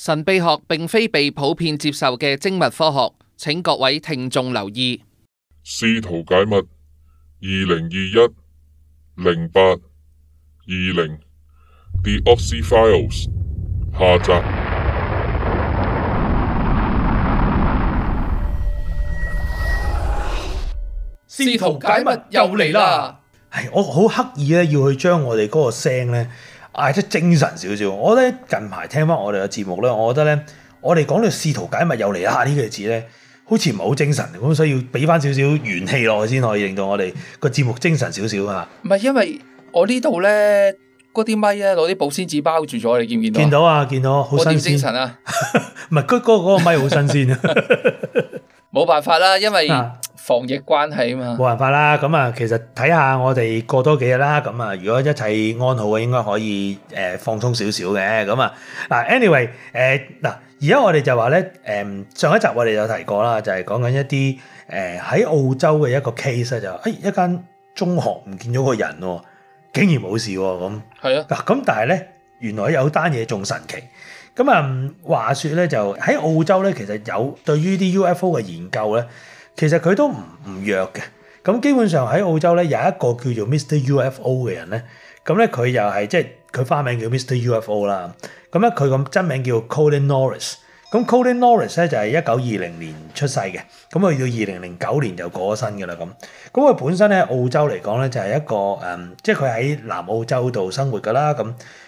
神秘學並非被普遍接受嘅精密科學，請各位聽眾留意。試圖解密二零二一零八二零 The Oz Files 下集。試圖解密又嚟啦！係，我好刻意咧要去將我哋嗰個聲咧。嗌，得精神少少。我覺得近排聽翻我哋嘅節目咧，我覺得咧，我哋講到試圖解密又嚟啦呢個字咧，好似唔係好精神咁，所以要俾翻少少元氣落去先可以令到我哋個節目精神少少啊！唔係，因為我呢度咧嗰啲咪啊，攞啲保鮮紙包住咗，你見唔見到？見到啊，見到，好新鮮啊！唔係， 嗰嗰個咪好新鮮啊！冇 辦法啦，因為，啊防疫關係啊嘛，冇辦法啦。咁啊，其實睇下我哋過多幾日啦。咁啊，如果一切安好嘅，應該可以誒放鬆少少嘅。咁啊，嗱，anyway，誒、呃、嗱，而家我哋就話咧，誒上一集我哋有提過啦，就係講緊一啲誒喺澳洲嘅一個 case，就誒、哎、一間中學唔見咗個人喎，竟然冇事喎咁。係啊。嗱，咁但係咧，原來有單嘢仲神奇。咁啊，話説咧，就喺澳洲咧，其實有對於啲 UFO 嘅研究咧。其實佢都唔弱嘅，咁基本上喺澳洲咧有一個叫做 Mr UFO 嘅人咧，咁咧佢又係即係佢花名叫 Mr UFO 啦，咁咧佢咁真名叫 Colin Norris，咁 Colin Norris 咧就係一九二零年出世嘅，咁去到二零零九年就過咗身嘅啦，咁，咁佢本身咧澳洲嚟講咧就係一個誒，即係佢喺南澳洲度生活噶啦，咁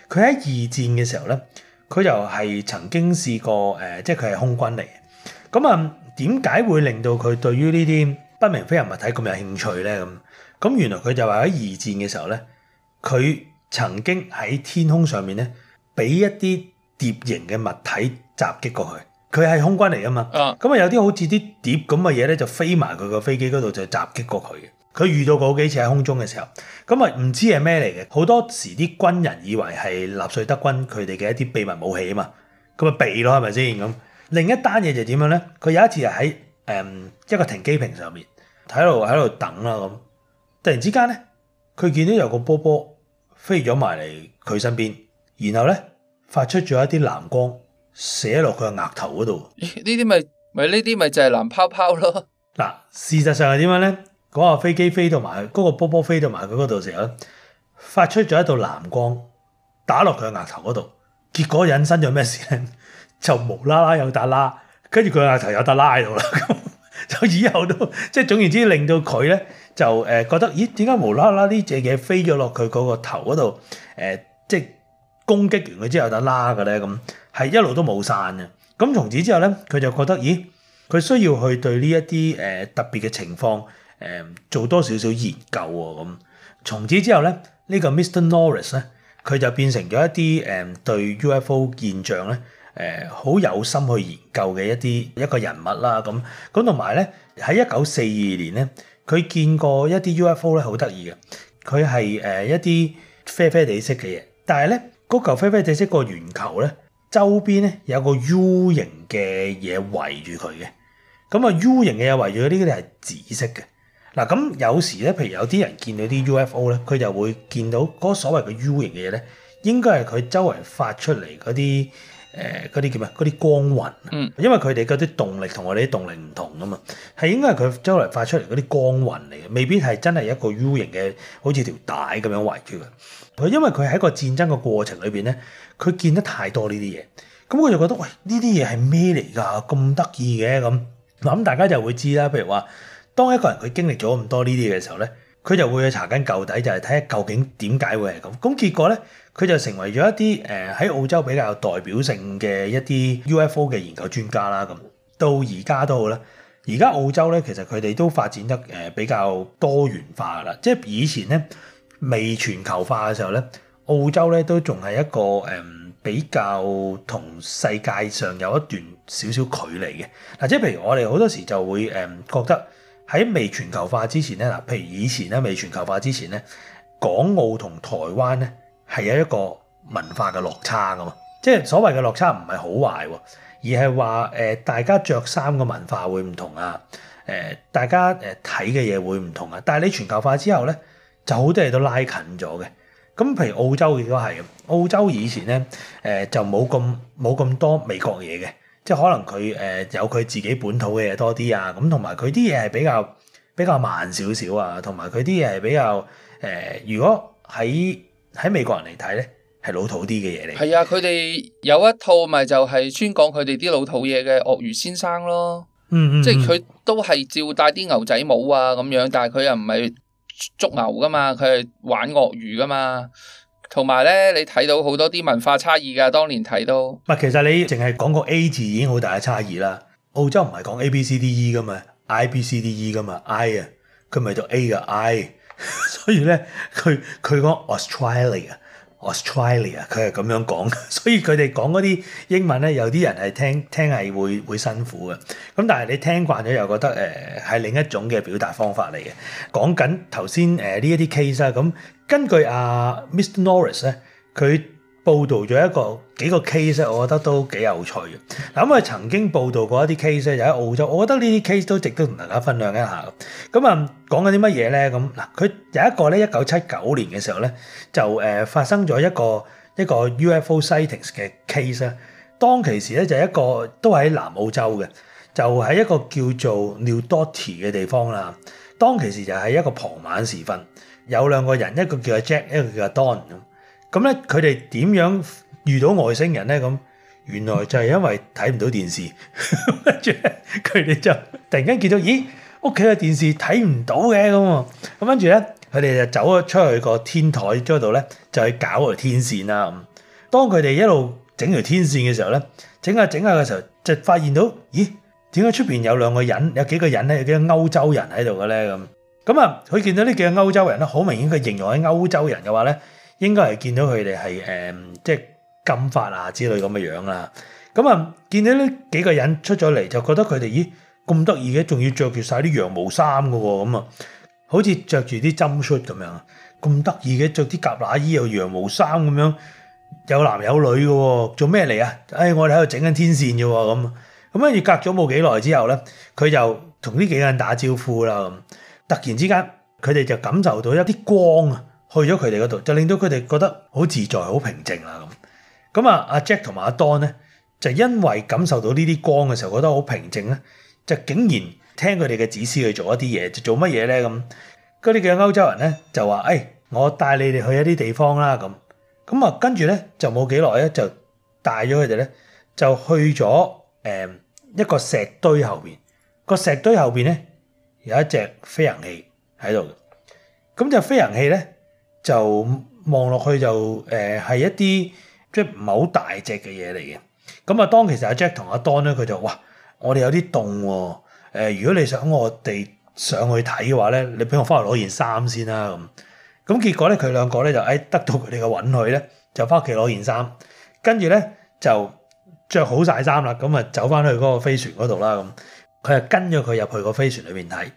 佢喺二戰嘅時候咧，佢又係曾經試過誒，即係佢係空軍嚟嘅，咁啊。點解會令到佢對於呢啲不明飛行物體咁有興趣咧？咁咁原來佢就話喺二戰嘅時候咧，佢曾經喺天空上面咧，俾一啲碟形嘅物體襲擊過佢。佢係空軍嚟啊嘛，咁啊有啲好似啲碟咁嘅嘢咧，就飛埋佢個飛機嗰度就襲擊過佢嘅。佢遇到過好幾次喺空中嘅時候，咁啊唔知係咩嚟嘅？好多時啲軍人以為係納粹德軍佢哋嘅一啲秘密武器啊嘛，咁啊避咯係咪先咁？另一單嘢就點樣咧？佢有一次係喺誒一個停機坪上面，喺度喺度等啦咁。突然之間咧，佢見到有個波波飛咗埋嚟佢身邊，然後咧發出咗一啲藍光射落佢個額頭嗰度。呢啲咪咪呢啲咪就係、是、藍泡泡咯。嗱， 事實上係點樣咧？嗰、那個飛機飛到埋嗰、那個波波飛到埋佢嗰度時候，發出咗一道藍光打落佢個額頭嗰度，結果引申咗咩事咧？就無啦啦有得啦，跟住佢個頭有得拉度啦。咁 就以後都即係總言之，令到佢咧就誒覺得，咦？點解無啦啦呢隻嘢飛咗落佢嗰個頭嗰度？誒，即係攻擊完佢之後有得拉嘅咧？咁係一路都冇散嘅。咁從此之後咧，佢就覺得，咦？佢、呃、需要去對呢一啲誒特別嘅情況誒、呃、做多少少研究喎、哦。咁從此之後咧，呢、呢個 Mr. Norris 咧，佢就變成咗一啲誒、呃、對 UFO 現象咧。誒好、呃、有心去研究嘅一啲一個人物啦，咁咁同埋咧喺一九四二年咧，佢見過一啲 U F O 咧，好得意嘅。佢係誒一啲啡啡地色嘅嘢，但係咧嗰球啡啡地色個圓球咧，周邊咧有個 U 型嘅嘢圍住佢嘅。咁啊 U 型嘅嘢圍住呢啲咧係紫色嘅嗱。咁有時咧，譬如有啲人見到啲 U F O 咧，佢就會見到嗰所謂嘅 U 型嘅嘢咧，應該係佢周圍發出嚟嗰啲。誒嗰啲叫咩？嗰啲光雲，因為佢哋嗰啲動力同我哋啲動力唔同啊嘛，係應該係佢將來發出嚟嗰啲光雲嚟嘅，未必係真係一個 U 型嘅，好似條帶咁樣圍住嘅。佢因為佢喺一個戰爭嘅過程裏邊咧，佢見得太多呢啲嘢，咁、嗯、佢就覺得喂呢啲嘢係咩嚟㗎？咁得意嘅咁嗱，咁、嗯、大家就會知啦。譬如話，當一個人佢經歷咗咁多呢啲嘢嘅時候咧，佢就會去查根究底，就係睇下究竟點解會係咁。咁、嗯、結果咧。佢就成為咗一啲誒喺澳洲比較有代表性嘅一啲 UFO 嘅研究專家啦。咁到而家都好啦，而家澳洲咧其實佢哋都發展得誒比較多元化啦。即係以前咧未全球化嘅時候咧，澳洲咧都仲係一個誒比較同世界上有一段少少距離嘅嗱。即係譬如我哋好多時就會誒覺得喺未全球化之前咧，嗱譬如以前咧未全球化之前咧，港澳同台灣咧。係有一個文化嘅落差噶嘛，即係所謂嘅落差唔係好壞，而係話誒大家着衫嘅文化會唔同啊，誒、呃、大家誒睇嘅嘢會唔同啊，但係你全球化之後咧，就好多嘢都拉近咗嘅。咁譬如澳洲亦都係，澳洲以前咧誒、呃、就冇咁冇咁多美國嘢嘅，即係可能佢誒、呃、有佢自己本土嘅嘢多啲啊，咁同埋佢啲嘢係比較比較慢少少啊，同埋佢啲嘢係比較誒、呃，如果喺喺美國人嚟睇咧，係老土啲嘅嘢嚟。係啊，佢哋有一套咪就係專講佢哋啲老土嘢嘅鱷魚先生咯。嗯嗯嗯，即係佢都係照戴啲牛仔帽啊咁樣，但係佢又唔係捉牛噶嘛，佢係玩鱷魚噶嘛。同埋咧，你睇到好多啲文化差異噶，當年睇到，唔係，其實你淨係講個 A 字已經好大嘅差異啦。澳洲唔係講 A B C D E 噶嘛，I B C D E 噶嘛，I 啊，佢咪就 A 啊 I。 所以咧，佢佢講 Australia，Australia，佢係咁樣講。 所以佢哋講嗰啲英文咧，有啲人係聽聽係會會辛苦嘅。咁但係你聽慣咗又覺得誒係、呃、另一種嘅表達方法嚟嘅。講緊頭先誒呢一啲 case 啦。咁根據阿、啊、Mr. Norris 咧，佢。報導咗一個幾個 case，我覺得都幾有趣嘅。嗱，因為曾經報導過一啲 case 就喺澳洲，我覺得呢啲 case 都值得同大家分享一下。咁啊，講緊啲乜嘢咧？咁嗱，佢有一個咧，一九七九年嘅時候咧，就誒發生咗一個一個 UFO sightings 嘅 case 啊。當其時咧就係一個都喺南澳洲嘅，就喺一個叫做 New Doti 嘅地方啦。當其時就係一個傍晚時分，有兩個人，一個叫阿 Jack，一個叫阿 Don。咁咧，佢哋點樣遇到外星人咧？咁原來就係因為睇唔到電視，跟住咧佢哋就突然間見到，咦，屋企嘅電視睇唔到嘅咁啊！咁跟住咧，佢哋就走咗出去個天台嗰度咧，就去搞條天線啦。咁當佢哋一路整條天線嘅時候咧，整下整下嘅時候就發現到，咦，點解出邊有兩個人，有幾個人咧？有幾個歐洲人喺度嘅咧咁。咁啊，佢見到呢幾個歐洲人咧，好明顯佢形容係歐洲人嘅話咧。應該係見到佢哋係誒，即係金髮啊之類咁嘅樣啦。咁、嗯、啊，見到呢幾個人出咗嚟，就覺得佢哋咦咁得意嘅，仲要着住晒啲羊毛衫嘅喎。咁、嗯、啊，好似着住啲針恤咁樣，咁得意嘅，着啲夾乸衣又羊毛衫咁樣，有男有女嘅喎，做咩嚟啊？誒、哎，我哋喺度整緊天線嘅喎，咁咁跟住隔咗冇幾耐之後咧，佢就同呢幾個人打招呼啦。咁突然之間，佢哋就感受到一啲光啊！去咗佢哋嗰度，就令到佢哋覺得好自在、好平靜啦咁。咁啊，阿 Jack 同阿當咧，就因為感受到呢啲光嘅時候，覺得好平靜咧，就竟然聽佢哋嘅指示去做一啲嘢，就做乜嘢咧咁。嗰啲嘅歐洲人咧就話：「誒，我帶你哋去一啲地方啦咁。咁啊，跟住咧就冇幾耐咧，就帶咗佢哋咧，就去咗誒一個石堆後邊。個石堆後邊咧有一隻飛行器喺度。咁就飛行器咧。就望落去就誒係、呃、一啲即係唔係好大隻嘅嘢嚟嘅。咁啊，當其實阿 Jack 同阿 Don 咧，佢就哇，我哋有啲凍喎。誒，如果你想我哋上去睇嘅話咧，你俾我翻去攞件衫先啦。咁咁結果咧，佢兩個咧就誒得到佢哋嘅允許咧，就翻屋企攞件衫，跟住咧就着好晒衫啦。咁啊，走翻去嗰個飛船嗰度啦。咁佢就跟咗佢入去個飛船裏邊睇，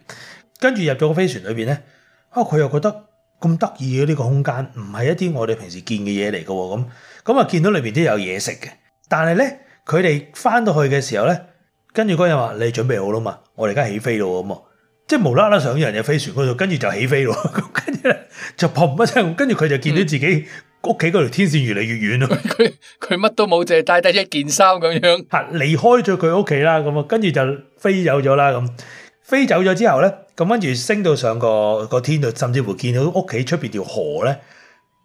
跟住入咗個飛船裏邊咧，啊佢又覺得。咁得意嘅呢個空間，唔係一啲我哋平時見嘅嘢嚟嘅，咁咁啊見到裏邊都有嘢食嘅，但係咧佢哋翻到去嘅時候咧，跟住嗰日話你準備好啦嘛，我哋而家起飛咯咁啊，即係無啦啦上人嘅飛船嗰度，跟住就起飛咯， 跟住咧就嘭一聲，跟住佢就見到自己屋企嗰條天線越嚟越遠咯，佢佢乜都冇借，帶得一件衫咁樣，吓離開咗佢屋企啦，咁啊跟住就飛走咗啦咁。飛走咗之後咧，咁跟住升到上個個天度，甚至乎見到屋企出邊條河咧，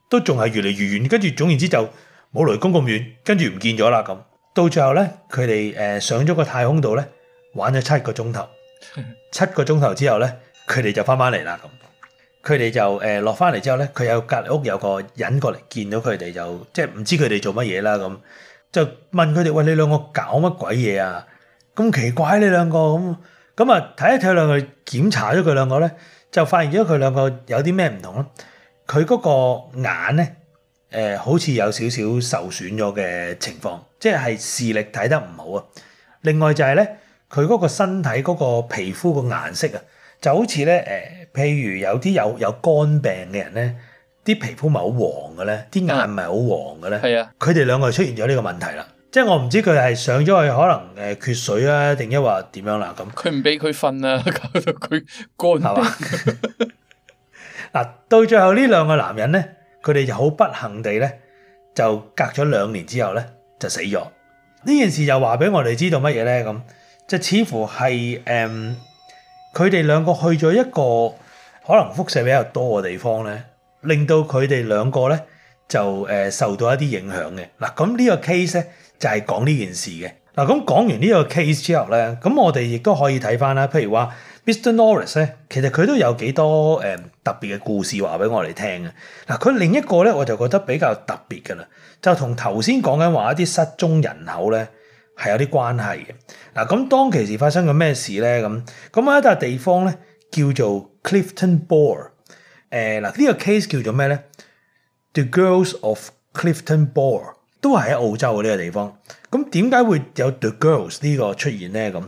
都仲係越嚟越遠。跟住總言之就冇雷公咁遠，跟住唔見咗啦咁。到最後咧，佢哋誒上咗個太空度咧，玩咗七個鐘頭，七個鐘頭之後咧，佢哋就返返嚟啦咁。佢哋就誒落返嚟之後咧，佢有隔籬屋有個人過嚟見到佢哋就即係唔知佢哋做乜嘢啦咁，就問佢哋，喂，你兩個搞乜鬼嘢啊？咁奇怪你兩個咁。咁啊，睇一睇佢兩個檢查咗佢兩個咧，就發現咗佢兩個有啲咩唔同咯。佢嗰個眼咧，誒、呃、好似有少少受損咗嘅情況，即係視力睇得唔好啊。另外就係、是、咧，佢嗰個身體嗰個皮膚個顏色啊，就好似咧誒，譬如有啲有有肝病嘅人咧，啲皮膚咪好黃嘅咧，啲眼咪好黃嘅咧。係啊、嗯，佢哋兩個就出現咗呢個問題啦。即係我唔知佢係上咗去，可能誒、呃、缺水啊，定一話點樣啦咁。佢唔俾佢瞓啦，搞到佢乾。係嘛？嗱，到最後呢兩個男人咧，佢哋就好不幸地咧，就隔咗兩年之後咧就死咗。呢件事又話俾我哋知道乜嘢咧？咁即係似乎係誒，佢哋兩個去咗一個可能輻射比較多嘅地方咧，令到佢哋兩個咧就誒、呃、受到一啲影響嘅。嗱、啊、咁、這個、呢個 case 咧，就係講呢件事嘅。嗱，咁講完呢個 case 之後咧，咁我哋亦都可以睇翻啦。譬如話，Mr. Norris 咧，其實佢都有幾多誒特別嘅故事話俾我哋聽嘅。嗱，佢另一個咧，我就覺得比較特別嘅啦，就同頭先講緊話一啲失蹤人口咧，係有啲關係嘅。嗱，咁當其時發生咗咩事咧？咁咁有一笪地方咧，叫做 Clifton Bor。誒嗱、呃，呢、呢個 case 叫做咩咧？The Girls of Clifton Bor。都係喺澳洲嘅呢個地方，咁點解會有 The Girls 呢個出現咧？咁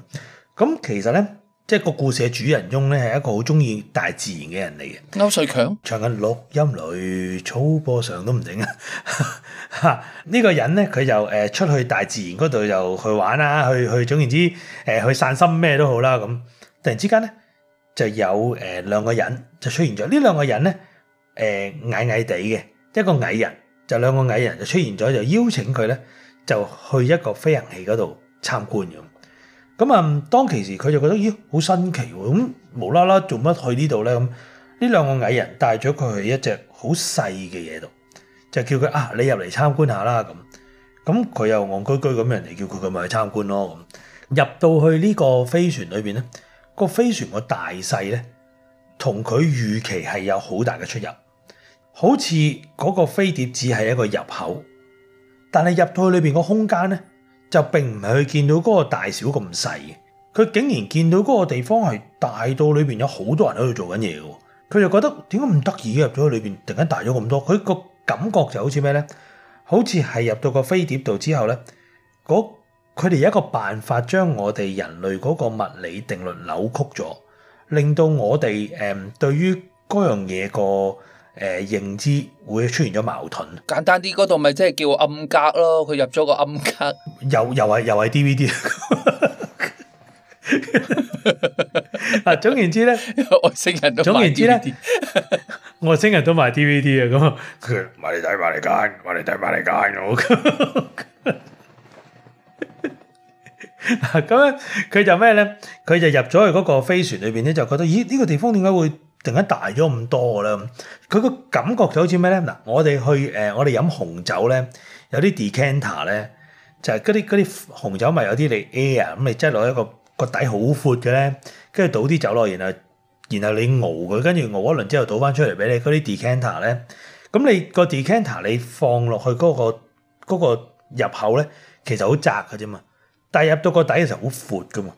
咁其實咧，即係個故事嘅主人翁咧係一個好中意大自然嘅人嚟嘅。區瑞強唱緊錄音裏，草坡上都唔整 啊！呢、這個人咧，佢就誒、呃、出去大自然嗰度又去玩啦，去去總言之，誒、呃、去散心咩都好啦。咁突然之間咧就有誒兩、呃、個人就出現咗，呢兩個人咧誒、呃、矮矮地嘅一個矮人。就兩個矮人就出現咗，就邀請佢咧，就去一個飛行器嗰度參觀咁。咁啊，當其時佢就覺得，咦，好新奇喎！咁無啦啦做乜去呢度咧？咁呢兩個矮人帶咗佢去一隻好細嘅嘢度，就叫佢啊，你入嚟參觀下啦咁。咁佢又戇居居咁，人哋叫佢，佢咪去參觀咯咁。入到去呢個飛船裏邊咧，個飛船個大細咧，同佢預期係有好大嘅出入。好似嗰個飛碟只係一個入口，但係入到去裏邊個空間咧，就並唔係去見到嗰個大小咁細嘅。佢竟然見到嗰個地方係大到裏邊有好多人喺度做緊嘢嘅。佢就覺得點解唔得意嘅？入咗去裏邊，突然間大咗咁多，佢個感覺就好似咩咧？好似係入到個飛碟度之後咧，佢哋有一個辦法將我哋人類嗰個物理定律扭曲咗，令到我哋誒、嗯、對於嗰樣嘢個。誒、呃，認知會出現咗矛盾。簡單啲，嗰度咪即係叫暗格咯，佢入咗個暗格。又又係又係 D V D。嗱，總言之咧，外 星人都買 D V D。 外星人都買 D V D 啊！ 咁啊，買嚟睇，買嚟揀，買嚟睇，買嚟揀。咁 樣佢就咩咧？佢就入咗去嗰個飛船裏邊咧，就覺得咦？呢、這個地方點解會？突然間大咗咁多㗎啦，佢個感覺就好似咩咧？嗱，我哋去誒、呃，我哋飲紅酒咧，有啲 decanter 咧，就係嗰啲啲紅酒咪有啲你 air 咁，你擠落一個個底好闊嘅咧，跟住倒啲酒落，然後然後，然後你熬佢，跟住熬，熬一輪之後倒翻出嚟俾你。嗰啲 decanter 咧，咁你個 decanter 你放落去嗰個嗰個入口咧，其實好窄嘅啫嘛，但係入到個底嘅時候好闊嘅嘛。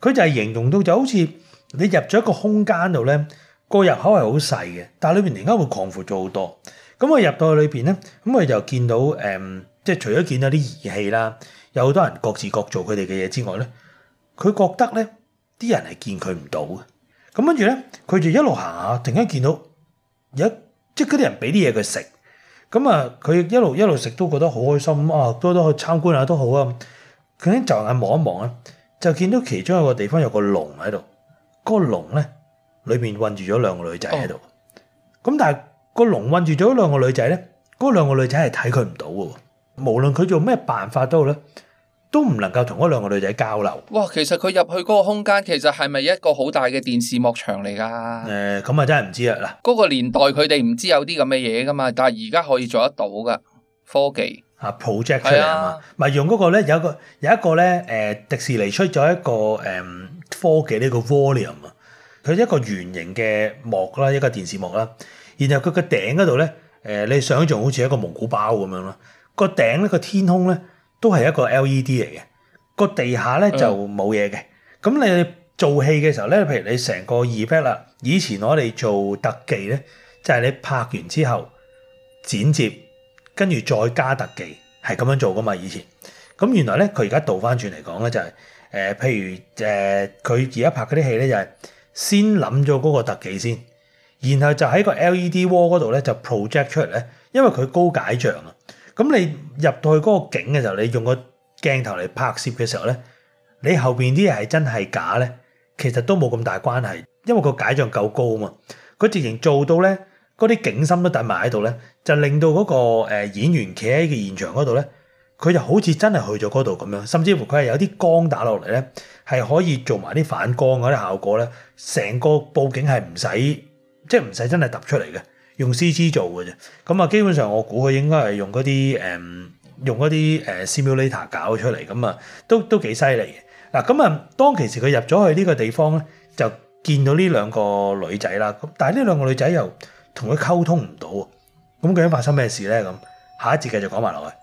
佢就係形容到就好似你入咗一個空間度咧。個入口係好細嘅，但係裏邊突然間會擴闊咗好多。咁我入到去裏邊咧，咁我就見到誒，即、嗯、係除咗見到啲儀器啦，有好多人各自各做佢哋嘅嘢之外咧，佢覺得咧啲人係見佢唔到嘅。咁跟住咧，佢就一路行下，突然間見到有即係嗰啲人俾啲嘢佢食。咁啊，佢一路一路食都覺得好開心啊！多多去參觀下都好啊。佢咧就眼望一望啊，就見到其中一個地方有個龍喺度。個龍咧～裏面困住咗兩個女仔喺度，咁但係個籠困住咗兩個女仔咧，嗰兩個女仔係睇佢唔到嘅，無論佢做咩辦法都好咧，都唔能夠同嗰兩個女仔交流。哇！其實佢入去嗰個空間，其實係咪一個好大嘅電視幕牆嚟噶？誒，咁啊真係唔知啦。嗰個年代佢哋唔知有啲咁嘅嘢噶嘛，但係而家可以做得到噶科技啊 project 出嚟啊嘛，咪用嗰個咧，有一個有一個咧誒，迪士尼出咗一個誒科技呢個 volume 啊。佢一個圓形嘅幕啦，一個電視幕啦，然後佢個頂嗰度咧，誒、呃，你想象好似一個蒙古包咁樣咯。個頂咧個天空咧都係一個 LED 嚟嘅，個地下咧就冇嘢嘅。咁、嗯、你做戲嘅時候咧，譬如你成個二 back 啦，以前我哋做特技咧，就係、是、你拍完之後剪接，跟住再加特技，係咁樣做噶嘛。以前咁原來咧，佢而家倒翻轉嚟講咧，就係誒，譬如誒，佢而家拍嗰啲戲咧就係、是。先諗咗嗰個特技先，然後就喺個 LED wall 嗰度咧就 project 出嚟咧，因為佢高解像啊。咁你入到去嗰個景嘅時候，你用個鏡頭嚟拍攝嘅時候咧，你後邊啲嘢係真係假咧，其實都冇咁大關係，因為個解像夠高啊嘛。佢直情做到咧，嗰啲景深都滯埋喺度咧，就令到嗰個誒演員企喺嘅現場嗰度咧，佢就好似真係去咗嗰度咁樣，甚至乎佢係有啲光打落嚟咧。係可以做埋啲反光嗰啲效果咧，成個佈景係唔使，即係唔使真係揼出嚟嘅，用 CG 做嘅啫。咁啊，基本上我估佢應該係用嗰啲誒，用嗰啲誒 simulator 搞出嚟，咁啊都都幾犀利嘅。嗱咁啊，當其時佢入咗去呢個地方咧，就見到呢兩個女仔啦。咁但係呢兩個女仔又同佢溝通唔到啊。咁究竟發生咩事咧？咁下一節繼續講埋落去。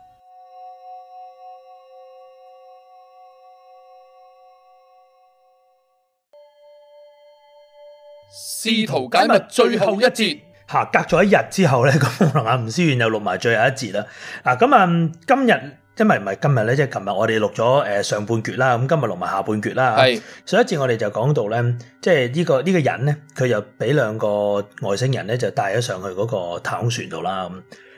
試圖解密最後一節嚇、啊，隔咗一日之後咧，咁啊，吳思遠又錄埋最後一節啦。嗱、啊，今日今日，因為唔係今日咧，即係琴日我哋錄咗誒上半節啦，咁今日錄埋下半節啦。係上一節我哋就講到咧，即係呢個呢個人咧，佢就俾兩個外星人咧就帶咗上去嗰個太空船度啦。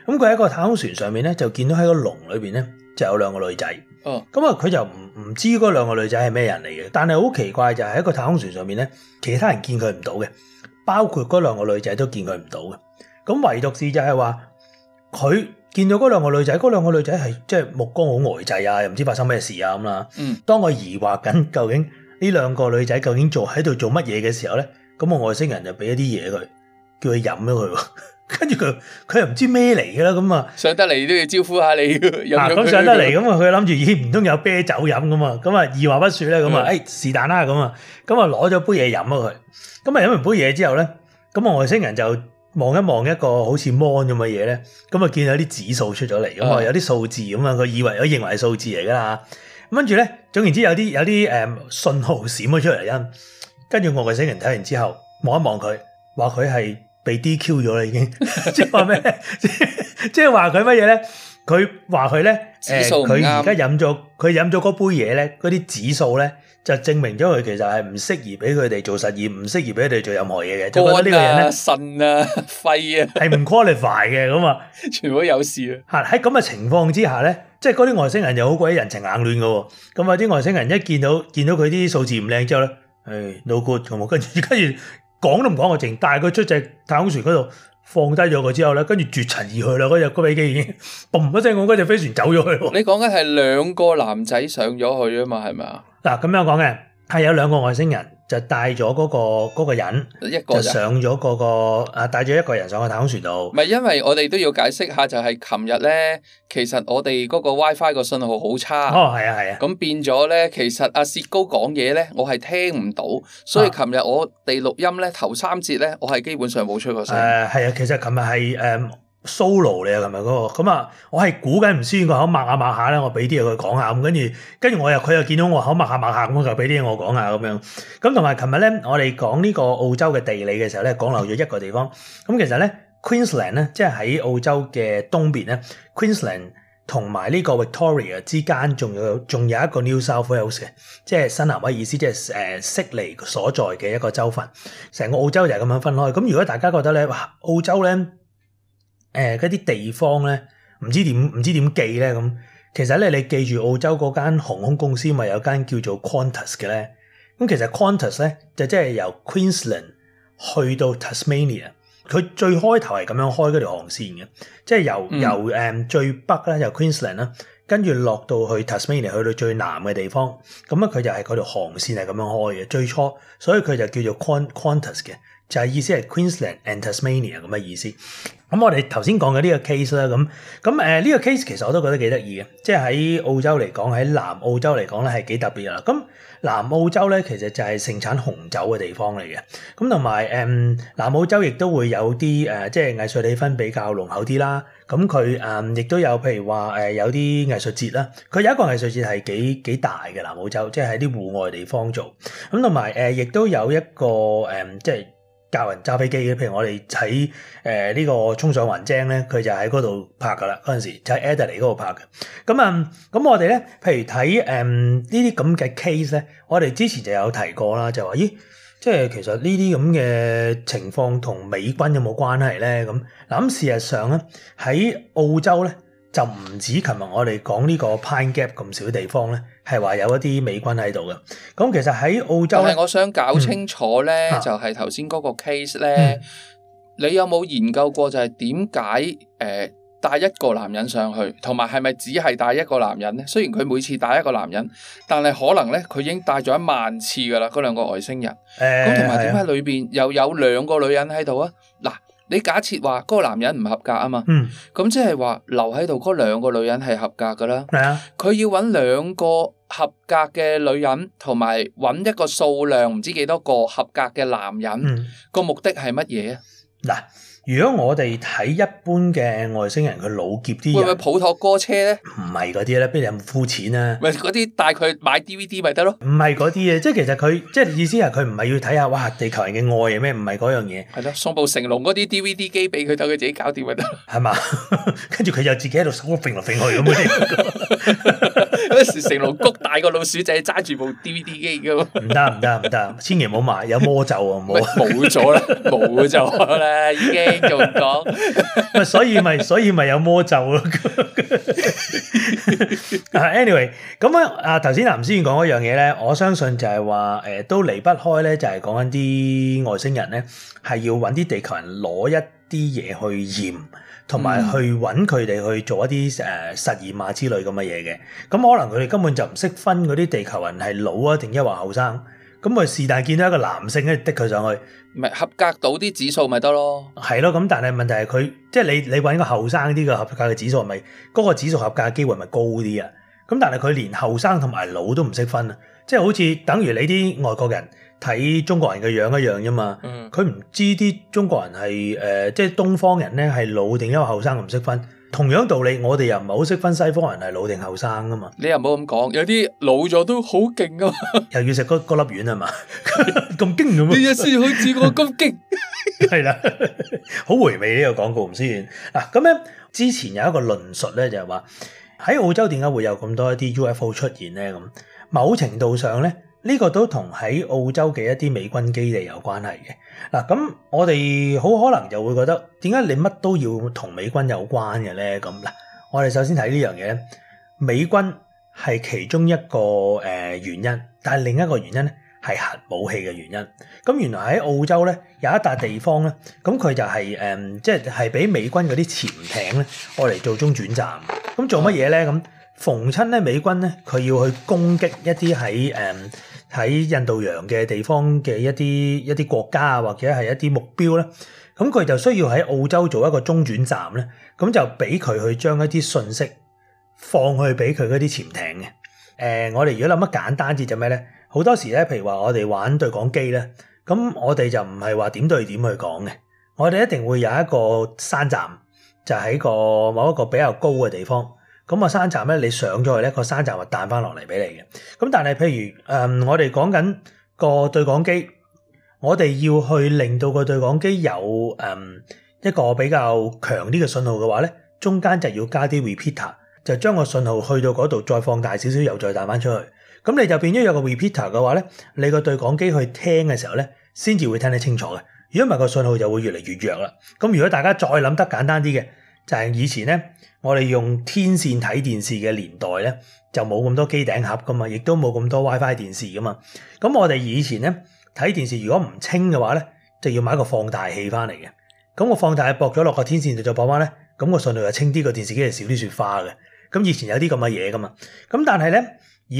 咁咁佢喺個太空船上面咧，就見到喺個籠裏邊咧就有兩個女仔。哦，咁啊，佢就唔唔知嗰兩個女仔係咩人嚟嘅，但係好奇怪就係喺個太空船上面咧，其他人見佢唔到嘅。包括嗰兩個女仔都見佢唔到嘅，咁唯獨是就係話佢見到嗰兩個女仔，嗰兩個女仔係即係目光好呆滯啊，又唔知發生咩事啊咁啦。嗯、當我疑惑緊究竟呢兩個女仔究竟做喺度做乜嘢嘅時候咧，咁、嗰個外星人就俾一啲嘢佢，叫佢飲咗佢。 跟住佢，佢又唔知咩嚟嘅啦，咁啊上得嚟都要招呼下你。嗱咁、啊、上得嚟，咁啊佢諗住，咦唔通有啤酒飲噶嘛？咁啊，二話不說咧，咁啊、嗯，誒是但啦，咁啊，咁啊攞咗杯嘢飲啊佢，咁啊飲完杯嘢之後咧，咁外星人就望一望一個好似 mon 咁嘅嘢咧，咁啊見到有啲指數出咗嚟，咁啊有啲數字，咁啊佢以為我認為係數字嚟噶啦，跟住咧，總言之有啲有啲誒信號閃咗出嚟啦，跟住外星人睇完之後望一望佢，話佢係。被 DQ 咗啦，已經即係話咩？即係話佢乜嘢咧？佢話佢咧，佢而家飲咗佢飲咗嗰杯嘢咧，嗰啲指數咧就證明咗佢其實係唔適宜俾佢哋做實驗，唔適宜俾佢哋做任何嘢嘅。即係話呢個人咧，腎啊、肺啊，係唔 qualify 嘅。咁啊， 全部都有事。吓，喺咁嘅情況之下咧，即係嗰啲外星人又好鬼人情硬亂噶咁啊啲外星人一見到見到佢啲數字唔靚之後咧，誒，no good 同我跟住跟住。講都唔講個情，但係佢出隻太空船嗰度放低咗佢之後呢，跟住絕塵而去啦。嗰隻嗰飛機已經嘣一聲，我嗰隻飛船走咗去了。你講緊係兩個男仔上咗去了是吧啊嘛？係咪？嗱，咁樣講嘅係有兩個外星人。就帶咗嗰個嗰個人，一個上咗嗰個啊，帶咗一個人上去太空船度。唔係，因為我哋都要解釋下，就係琴日咧，其實我哋嗰個 WiFi 個信號好差。哦，係啊，係啊。咁變咗咧，其實阿薛高講嘢咧，我係聽唔到，所以琴日我哋錄音咧頭三節咧，我係基本上冇出過聲。誒，係啊，其實琴日係誒。solo 你啊，係咪嗰個？咁啊，我係估緊唔舒服，我抹下抹下咧，我俾啲嘢佢講下咁，跟住跟住我又佢又見到我，抹我抹下抹下咁就俾啲嘢我講下咁樣。咁同埋琴日咧，我哋講呢個澳洲嘅地理嘅時候咧，講漏咗一個地方。咁其實咧，Queensland 咧，即係喺澳洲嘅東邊咧，Queensland 同埋呢個 Victoria 之間仲有仲有一個 New South Wales 嘅，即係新南威爾斯，即係誒悉尼所在嘅一個州份。成個澳洲就係咁樣分開。咁如果大家覺得咧，哇，澳洲咧～誒嗰啲地方咧，唔知點唔知點記咧咁。其實咧，你記住澳洲嗰間航空公司咪有間叫做 Qantas 嘅咧。咁其實 Qantas 咧就即係由 Queensland 去到 Tasmania，佢最開頭係咁樣開嗰條航線嘅，即係由、嗯、由誒最北咧由 Queensland 啦，跟住落到去 Tasmania 去到最南嘅地方，咁啊佢就係嗰條航線係咁樣開嘅最初，所以佢就叫做 Qantas 嘅。就係意思係 Queensland and Tasmania 咁嘅意思。咁我哋頭先講嘅呢個 case 啦，咁咁誒呢個 case 其實我都覺得幾得意嘅，即係喺澳洲嚟講，喺南澳洲嚟講咧係幾特別嘅啦。咁南澳洲咧其實就係盛產紅酒嘅地方嚟嘅。咁同埋誒南澳洲亦都會有啲誒、呃，即係藝術氣氛比較濃厚啲啦。咁佢誒亦都有譬如話誒、呃、有啲藝術節啦。佢有一個藝術節係幾幾大嘅南澳洲，即係喺啲戶外地方做。咁同埋誒亦都有一個誒、嗯、即係。教人揸飛機嘅，譬如我哋喺誒呢個衝上雲霄咧，佢就喺嗰度拍噶啦。嗰陣時就喺 Adelaide 嗰度拍嘅。咁啊，咁、嗯、我哋咧，譬如睇誒呢啲咁嘅 case 咧，我哋之前就有提過啦，就話咦，即係其實呢啲咁嘅情況同美軍有冇關係咧？咁嗱咁事實上咧，喺澳洲咧。就唔止琴日我哋講呢個 Pine Gap 咁少地方呢，係話有一啲美軍喺度嘅。咁其實喺澳洲，但係我想搞清楚呢，嗯、就係頭先嗰個 case 呢，嗯、你有冇研究過就係點解誒帶一個男人上去，同埋係咪只係帶一個男人呢？雖然佢每次帶一個男人，但係可能呢，佢已經帶咗一萬次噶啦。嗰兩個外星人，咁同埋點解裏邊又有兩個女人喺度啊？嗱。你假設話嗰個男人唔合格啊嘛，咁即係話留喺度嗰兩個女人係合格噶啦，佢、嗯、要揾兩個合格嘅女人，同埋揾一個數量唔知幾多個合格嘅男人，嗯、個目的係乜嘢啊？嗱。如果我哋睇一般嘅外星人，佢老劫啲嘢，會唔會普托歌車咧？唔係嗰啲咧，邊度有咁膚淺啊？唔係嗰啲，帶佢買 DVD 咪得咯？唔係嗰啲嘢。即係其實佢即係意思係佢唔係要睇下哇地球人嘅愛係咩？唔係嗰樣嘢。係咯，送部成龍嗰啲 DVD 機俾佢，等佢自己搞掂咪得。係嘛是吧？跟住佢又自己喺度手度揈嚟揈去咁。 嗰時成龍谷大個老鼠仔揸住部 D V D 機咁，唔得唔得唔得，千祈唔好買，有魔咒啊！唔好冇咗啦，冇咗啦，已經仲講，咪 所以咪所以咪有魔咒咯。 anyway，咁樣啊，頭先林思遠講一樣嘢咧，我相信就係話誒，都離不開咧，就係講緊啲外星人咧，係要搵啲地球人攞一啲嘢去驗。同埋去揾佢哋去做一啲誒實驗碼之類咁嘅嘢嘅，咁可能佢哋根本就唔識分嗰啲地球人係老啊定係話後生，咁佢是但見到一個男性一滴佢上去，咪合格到啲指數咪得咯，係咯，咁但係問題係佢即係你你揾個後生啲嘅合格嘅指數，係咪嗰個指數合格嘅機會咪高啲啊？咁但係佢連後生同埋老都唔識分啊，即係好似等於你啲外國人，睇中國人嘅樣一樣啫嘛，佢唔知啲中國人係誒，即係東方人咧係老定一個後生，唔識分。Uh, people, remember, 同樣道理，我哋又唔係好識分西方人係老定後生噶嘛。 你又唔 好咁講，有啲老咗都好勁噶嘛。又要食嗰粒丸啊嘛，咁勁咁啊！啲阿師好似我咁勁，係啦，好回味呢個廣告唔先嗱。咁咧 in ROI 之前有一個論述咧就係話，喺澳洲點解會有咁多一啲 UFO 出現咧？咁某程度上咧。呢個都同喺澳洲嘅一啲美軍基地有關係嘅。嗱，咁我哋好可能就會覺得，點解你乜都要同美軍有關嘅咧？咁嗱，我哋首先睇呢樣嘢咧，美軍係其中一個誒原因，但係另一個原因咧係核武器嘅原因。咁原來喺澳洲咧有一笪地方咧，咁佢就係、係、誒，即係俾美軍嗰啲潛艇咧，攞嚟做中轉站。咁做乜嘢咧？咁逢親咧，美軍咧，佢要去攻擊一啲喺誒喺印度洋嘅地方嘅一啲一啲國家啊，或者係一啲目標咧，咁佢就需要喺澳洲做一個中轉站咧，咁就俾佢去將一啲信息放去俾佢嗰啲潛艇嘅。誒、呃，我哋如果諗得簡單啲就咩咧，好多時咧，譬如話我哋玩對講機咧，咁我哋就唔係話點對點去講嘅，我哋一定會有一個山站，就喺、是、個某一個比較高嘅地方。咁啊山站咧，你上咗去咧，個山站話彈翻落嚟俾你嘅。咁但係譬如誒、嗯，我哋講緊個對講機，我哋要去令到個對講機有誒、嗯、一個比較強啲嘅信號嘅話咧，中間就要加啲 repeater，就將個信號去到嗰度再放大少少，又再彈翻出去。咁你就變咗有個 repeater 嘅話咧，你個對講機去聽嘅時候咧，先至會聽得清楚嘅。如果唔係個信號就會越嚟越弱啦。咁如果大家再諗得簡單啲嘅，就係、是、以前咧。我哋用天線睇電視嘅年代咧，就冇咁多機頂盒噶嘛，亦都冇咁多 WiFi 電視噶嘛。咁我哋以前咧睇電視，如果唔清嘅話咧，就要買一個放大器翻嚟嘅。咁、那個放大器駁咗落個天線度再駁翻咧，咁、那個信號就清啲，個電視機就少啲雪花嘅。咁以前有啲咁嘅嘢噶嘛。咁但係咧，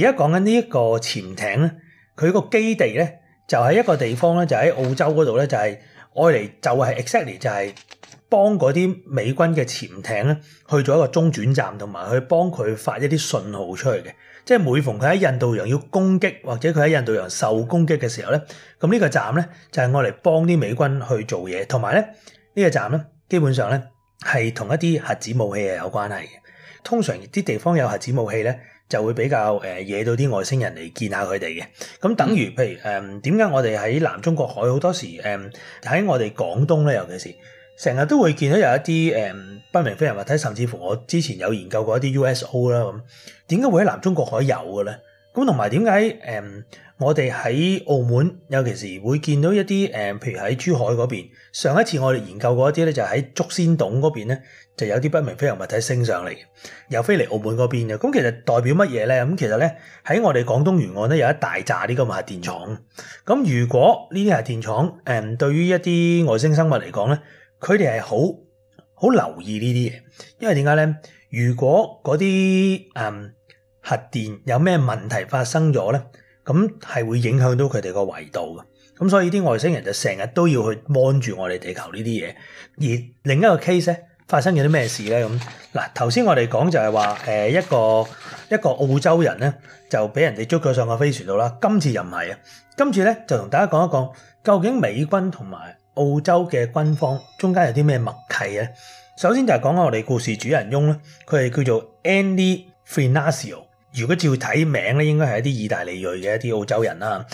而家講緊呢一個潛艇咧，佢個基地咧就喺、是、一個地方咧，就喺、是、澳洲嗰度咧，就係愛嚟就係 exactly 就係、是。幫嗰啲美軍嘅潛艇咧去做一個中轉站，同埋去幫佢發一啲信號出去嘅。即係每逢佢喺印度洋要攻擊，或者佢喺印度洋受攻擊嘅時候咧，咁呢個站咧就係我嚟幫啲美軍去做嘢，同埋咧呢、呢個站咧基本上咧係同一啲核子武器又有關係嘅。通常啲地方有核子武器咧就會比較誒惹，惹到啲外星人嚟見下佢哋嘅。咁等於譬如誒點解我哋喺南中國海好多時誒喺、嗯、我哋廣東咧，尤其是。成日都會見到有一啲誒不明飛行物體，甚至乎我之前有研究過一啲 U.S.O. 啦咁，點解會喺南中國海有嘅咧？咁同埋點解誒我哋喺澳門尤其是會見到一啲誒，譬如喺珠海嗰邊，上一次我哋研究過一啲咧，就喺竹仙洞嗰邊咧就有啲不明飛行物體升上嚟，又飛嚟澳門嗰邊嘅。咁其實代表乜嘢咧？咁其實咧喺我哋廣東沿岸咧有一大扎啲咁嘅電廠。咁如果呢啲係電廠，誒對於一啲外星生物嚟講咧？佢哋係好好留意呢啲嘢，因為點解咧？如果嗰啲誒核電有咩問題發生咗咧，咁係會影響到佢哋個維度嘅。咁所以啲外星人就成日都要去望住我哋地球呢啲嘢。而另一個 case 咧，發生咗啲咩事咧？咁嗱，頭先我哋講就係話誒一個一個澳洲人咧，就俾人哋捉咗上個飛船度啦。今次又唔係啊，今次咧就同大家講一講究竟美軍同埋。澳洲嘅軍方中間有啲咩默契啊？首先就係講我哋故事主人翁咧，佢係叫做 Andy Finacio。如果照睇名咧，應該係一啲意大利裔嘅一啲澳洲人啦。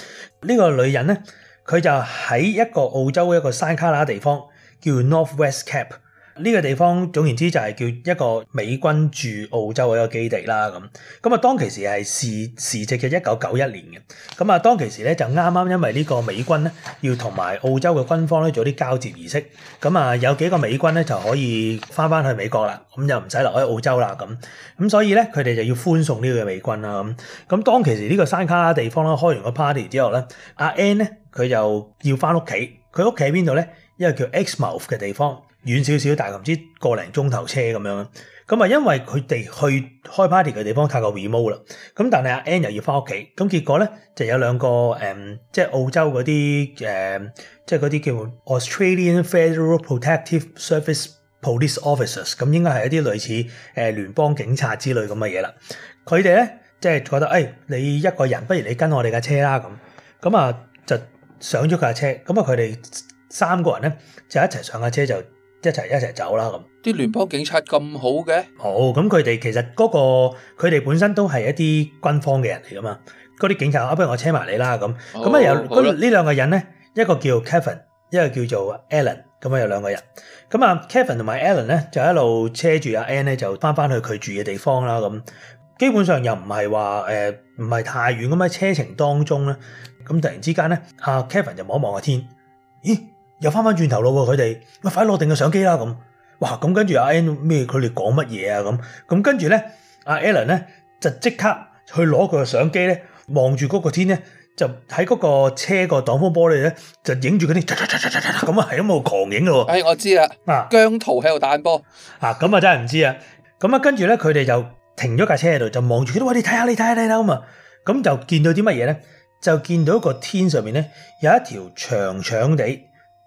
呢個女人咧，佢就喺一個澳洲一個山卡拉地方叫 Northwest Cape。呢個地方總言之就係叫一個美軍駐澳洲嗰個基地啦，咁咁啊當其時係時時值嘅一九九一年嘅，咁啊當其時咧就啱啱因為呢個美軍咧要同埋澳洲嘅軍方咧做啲交接儀式，咁啊有幾個美軍咧就可以翻翻去美國啦，咁就唔使留喺澳洲啦，咁咁所以咧佢哋就要歡送呢個美軍啦，咁咁當其時呢個山卡拉地方咧開完個 party 之後咧，阿 N 咧佢就要翻屋企，佢屋企喺邊度咧？因為叫 Exmouth 嘅地方。遠少少，大概唔知個零鐘頭車咁樣。咁啊，因為佢哋去開 party 嘅地方太過 remote 啦。咁但係阿 Ann 又要翻屋企，咁結果咧就有兩個誒、嗯，即係澳洲嗰啲誒，即係嗰啲叫 Australian Federal Protective Service Police Officers，咁應該係一啲類似誒聯邦警察之類咁嘅嘢啦。佢哋咧即係覺得誒、哎，你一個人不如你跟我哋架車啦咁。咁啊就上咗架車，咁啊佢哋三個人咧就一齊上架車就。一齊一齊走啦咁，啲聯邦警察咁好嘅？好咁佢哋其實嗰、嗰個佢哋本身都係一啲軍方嘅人嚟噶嘛，嗰啲警察啊，不如我車埋你啦咁，咁啊由呢兩個人咧，一個叫 Kevin，一個叫做 Alan，咁啊有兩個人，咁啊 Kevin 同埋 Alan 咧就一路車住阿 N 咧就翻翻去佢住嘅地方啦咁，基本上又唔係話誒唔係太遠咁，喺車程當中啦。咁突然之間咧，阿、啊、Kevin 就望一望個天，咦？又翻翻轉頭咯喎！佢哋喂，快攞定個相機啦！咁哇，咁跟住阿 N 咩？佢哋講乜嘢啊？咁跟住呢，阿 Alan 呢，就即刻去攞佢個相機呢，望住嗰個天呢，就喺嗰個車個擋風玻璃呢，就影住嗰啲，咁啊係咁度狂影咯喎！哎，我知啦，啊，姜濤喺度打波，啊，咁啊真係唔知啊！咁啊跟住咧，佢哋就停咗架車喺度，就望住佢哋喂，睇下你睇下你啦咁啊！咁就見到啲乜嘢咧？就見到個天上面咧有一條長長地。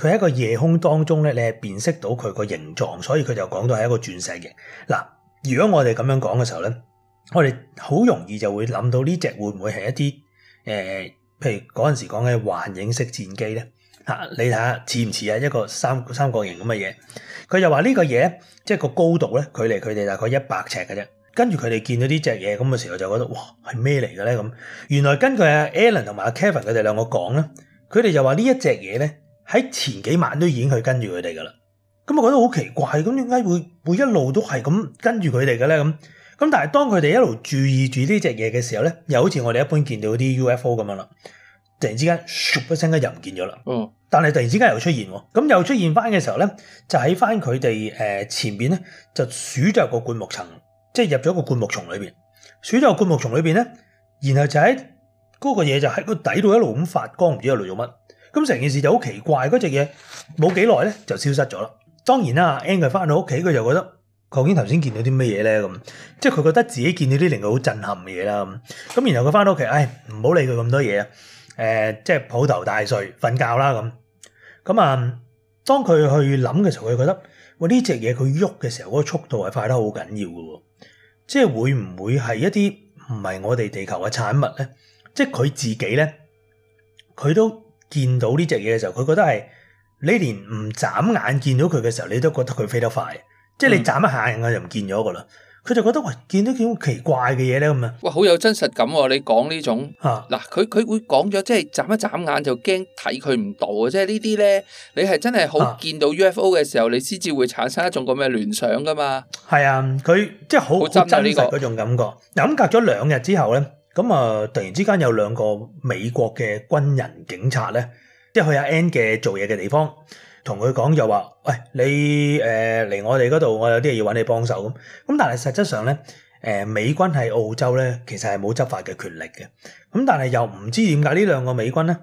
佢喺一個夜空當中咧，你係辨識到佢個形狀，所以佢就講到係一個鑽石嘅。嗱，如果我哋咁樣講嘅時候咧，我哋好容易就會諗到呢隻會唔會係一啲誒、呃，譬如嗰陣時講嘅幻影式戰機咧嚇。你睇下似唔似啊一個三三角形咁嘅嘢？佢就話呢個嘢即係個高度咧，距離佢哋大概一百尺嘅啫。跟住佢哋見到呢隻嘢咁嘅時候，就覺得哇，係咩嚟嘅咧咁？原來根據阿 Alan 同埋阿 Kevin 佢哋兩個講咧，佢哋就話呢一隻嘢咧。喺前幾晚都已經去跟住佢哋噶啦，咁我覺得好奇怪，咁點解會會一路都係咁跟住佢哋嘅咧？咁咁，但係當佢哋一路注意住呢隻嘢嘅時候咧，又好似我哋一般見到啲 UFO 咁樣啦，突然之間咻一聲嘅又唔見咗啦。嗯，但係突然之間又出現，咁又出現翻嘅時候咧，就喺翻佢哋誒前邊咧，就鼠咗入個灌木層，即係入咗個灌木叢裏邊，鼠咗入灌木叢裏邊咧，然後就喺嗰個嘢就喺個底度一路咁發光，唔知喺度做乜。咁成件事就好奇怪，嗰隻嘢冇幾耐咧就消失咗啦。當然啦，Angie 翻到屋企，佢就覺得究竟頭先見到啲乜嘢咧咁，即係佢覺得自己見到啲令佢好震撼嘅嘢啦。咁咁，然後佢翻到屋企，唉，唔好理佢咁多嘢，誒、呃，即係抱頭大睡瞓覺啦咁。咁啊、嗯，當佢去諗嘅時候，佢覺得喂，呢隻嘢佢喐嘅時候嗰個速度係快得好緊要嘅喎，即係會唔會係一啲唔係我哋地球嘅產物咧？即係佢自己咧，佢都。見到呢隻嘢嘅時候，佢覺得係你連唔眨眼見到佢嘅時候，你都覺得佢飛得快，即係你眨一下眼啊就唔見咗個啦。佢、嗯、就覺得喂，見到幾好奇怪嘅嘢咧咁啊！喂，好有真實感喎、啊！你講呢種嚇嗱，佢佢、啊、會講咗，即係眨一眨眼就驚睇佢唔到啊！即係呢啲咧，你係真係好見到 UFO 嘅時候，啊、你先至會產生一種咁嘅聯想噶嘛？係啊，佢即係好真實嗰、這個、種感覺。嗱咁隔咗兩日之後咧。咁啊！突然之間有兩個美國嘅軍人警察咧，即係去阿 N 嘅做嘢嘅地方，同佢講又話：喂、哎，你誒嚟我哋嗰度，我有啲嘢要搵你幫手咁。咁但係實質上咧，誒美軍喺澳洲咧，其實係冇執法嘅權力嘅。咁但係又唔知點解呢兩個美軍咧，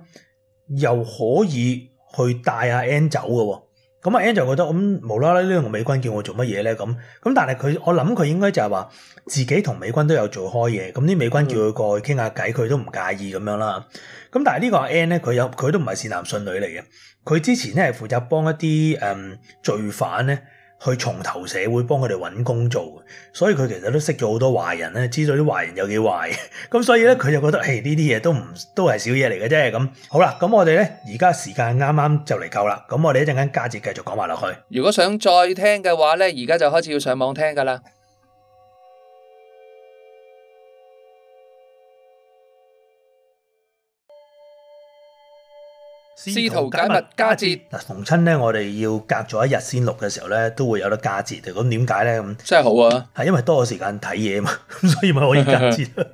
又可以去帶阿 N 走嘅喎。咁 N 就覺得，咁無啦啦呢個美軍叫我做乜嘢咧？咁咁，但係佢，我諗佢應該就係話自己同美軍都有做開嘢，咁啲美軍叫佢過去傾下偈，佢都唔介意咁樣啦。咁但係呢個 N 咧，佢有佢都唔係善男信女嚟嘅，佢之前咧係負責幫一啲誒、嗯、罪犯咧。去重投社會幫佢哋揾工做，所以佢其實都識咗好多，多壞人咧，知道啲壞人有幾壞，咁所以咧佢就覺得，誒呢啲嘢都唔都係少嘢嚟嘅啫。咁好啦，咁我哋咧而家時間啱啱就嚟夠啦，咁我哋一陣間加節繼續講埋落去。如果想再聽嘅話咧，而家就開始要上網聽㗎喇。試圖解密加節嗱，逢親咧，我哋要隔咗一日先錄嘅時候咧，都會有得加節。咁點解咧？咁真係好啊！係因為多個時間睇嘢嘛，咁所以咪可以加節啦。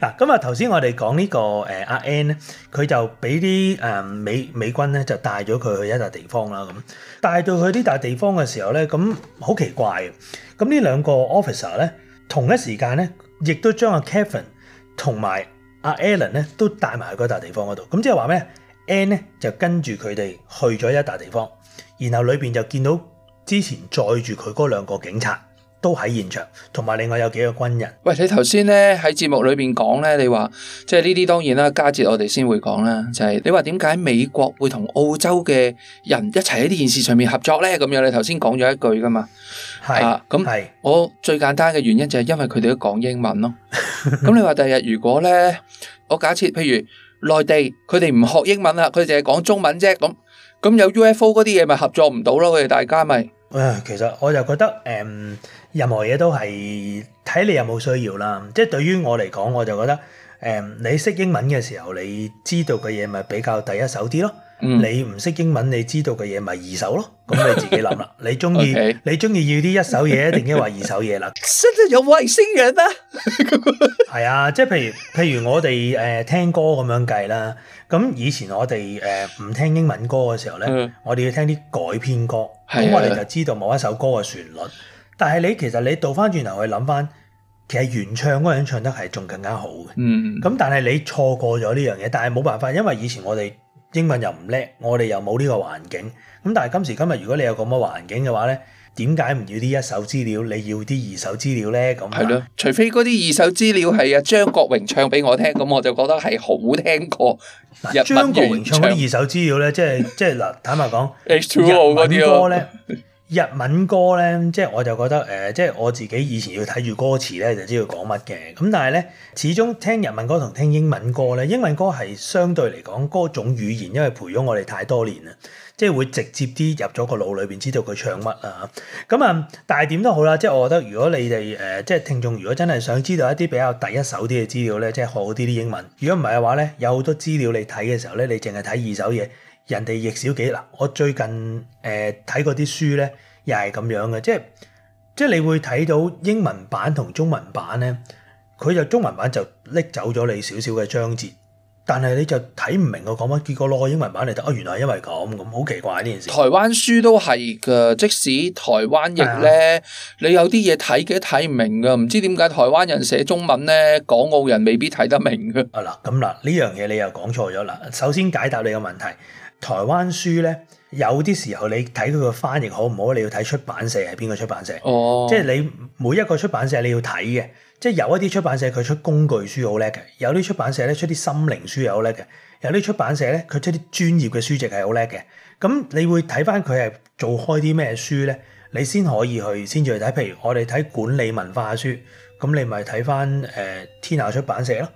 嗱，咁啊頭先我哋講呢個誒阿 N 咧，佢就俾啲誒美美軍咧就帶咗佢去一笪地方啦。咁帶到去呢笪地方嘅時候咧，咁好奇怪嘅。咁呢兩個 officer 咧，同一時間咧，亦都將阿 Kevin 同埋阿 Allen 咧都帶埋去嗰笪地方嗰度。咁即係話咩？N 咧，就跟住佢哋去咗一笪地方，然後裏邊就見到之前載住佢嗰兩個警察都喺現場，同埋另外有幾個軍人。喂，你頭先咧喺節目裏邊講咧，你話即係呢啲當然啦，加節我哋先會講啦，就係、是、你話點解美國會同澳洲嘅人一齊喺呢件事上面合作咧？咁樣你頭先講咗一句㗎嘛？係是啊，咁是我最簡單嘅原因就係因為佢哋都講英文咯。咁 你話第日如果咧，我假設譬如。內地佢哋唔學英文啦，佢淨係講中文啫咁，咁有 UFO 嗰啲嘢咪合作唔到咯？佢哋大家咪，誒其實我就覺得誒、嗯，任何嘢都係睇你有冇需要啦。即係對於我嚟講，我就覺得誒、嗯，你識英文嘅時候，你知道嘅嘢咪比較第一手啲咯。嗯、你唔識英文，你知道嘅嘢咪二手咯？咁你自己諗啦。 你中意 你中意要啲一手嘢，定係話二手嘢啦？真係 有衛星嘅咩？係啊，即 係、啊、譬如譬如我哋誒、呃、聽歌咁樣計啦。咁以前我哋誒唔聽英文歌嘅時候咧， 我哋要聽啲改編歌，咁、啊、我哋就知道某一首歌嘅旋律。但係你其實你倒翻轉頭去諗翻，其實原唱嗰人唱得係仲更加好嘅。咁、嗯、但係你錯過咗呢樣嘢，但係冇辦法，因為以前我哋。英文又唔叻，我哋又冇呢個環境。咁但係今時今日，如果你有咁嘅環境嘅話咧，點解唔要啲一手資料？你要啲二手資料咧？咁係咯，那除非嗰啲二手資料係啊張國榮唱俾我聽，咁我就覺得係好聽過。張國榮唱啲二手資料咧，即係即係嗱，坦白講， H 20 日文啲歌咧。 日文歌咧，即係我就覺得誒、呃，即係我自己以前要睇住歌詞咧，就知道講乜嘅。咁但係咧，始終聽日文歌同聽英文歌咧，英文歌係相對嚟講嗰種語言，因為培養我哋太多年啦，即係會直接啲入咗個腦裏邊，知道佢唱乜啦。咁啊，但係點都好啦，即係我覺得如果你哋誒、呃，即係聽眾如果真係想知道一啲比較第一手啲嘅資料咧，即係學好啲啲英文。如果唔係嘅話咧，有好多資料你睇嘅時候咧，你淨係睇二手嘢。人哋譯少幾嗱？我最近誒睇嗰啲書咧，又係咁樣嘅，即係即係你會睇到英文版同中文版咧，佢就中文版就拎走咗你少少嘅章節，但係你就睇唔明我講乜。結果攞個英文版嚟睇，哦、啊，原來係因為咁咁，好奇怪呢件事。台灣書都係噶，即使台灣譯咧，哎、呀你有啲嘢睇嘅睇唔明噶，唔知點解台灣人寫中文咧，港澳人未必睇得明嘅。啊嗱，咁嗱呢樣嘢你又講錯咗嗱。首先解答你嘅問題。台灣書咧，有啲時候你睇佢個翻譯好唔好，你要睇出版社係邊個出版社，oh. 即係你每一個出版社你要睇嘅。即係有一啲出版社佢出工具書好叻嘅，有啲出版社咧出啲心靈書又好叻嘅，有啲出版社咧佢出啲專業嘅書籍係好叻嘅。咁你會睇翻佢係做開啲咩書咧，你先可以去先至去睇。譬如我哋睇管理文化書，咁你咪睇翻誒天下出版社咯。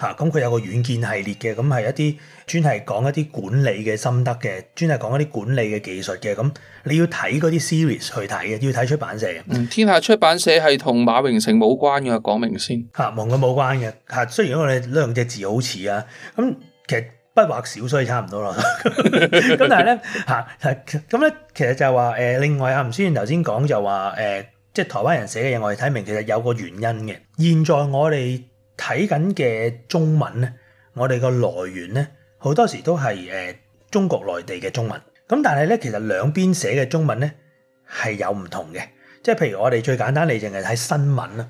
嚇咁佢有個軟件系列嘅，咁、嗯、係一啲專係講一啲管理嘅心得嘅，專係講一啲管理嘅技術嘅，咁你要睇嗰啲 series 去睇嘅，要睇出版社。嗯，天下出版社係同馬榮成冇關嘅，講明先。嚇、嗯，冇佢冇關嘅。嚇，雖然我哋兩隻字好似、嗯、 啊，咁其實筆畫少，所以差唔多啦。咁但係咧，嚇，咁咧其實就話誒、呃，另外阿吳思源頭先講就話誒、呃，即係台灣人寫嘅嘢，我哋睇明其實有個原因嘅。現在我哋睇緊嘅中文咧，我哋個來源咧好多時都係誒中國內地嘅中文。咁但係咧，其實兩邊寫嘅中文咧係有唔同嘅。即係譬如我哋最簡單，你淨係睇新聞啦。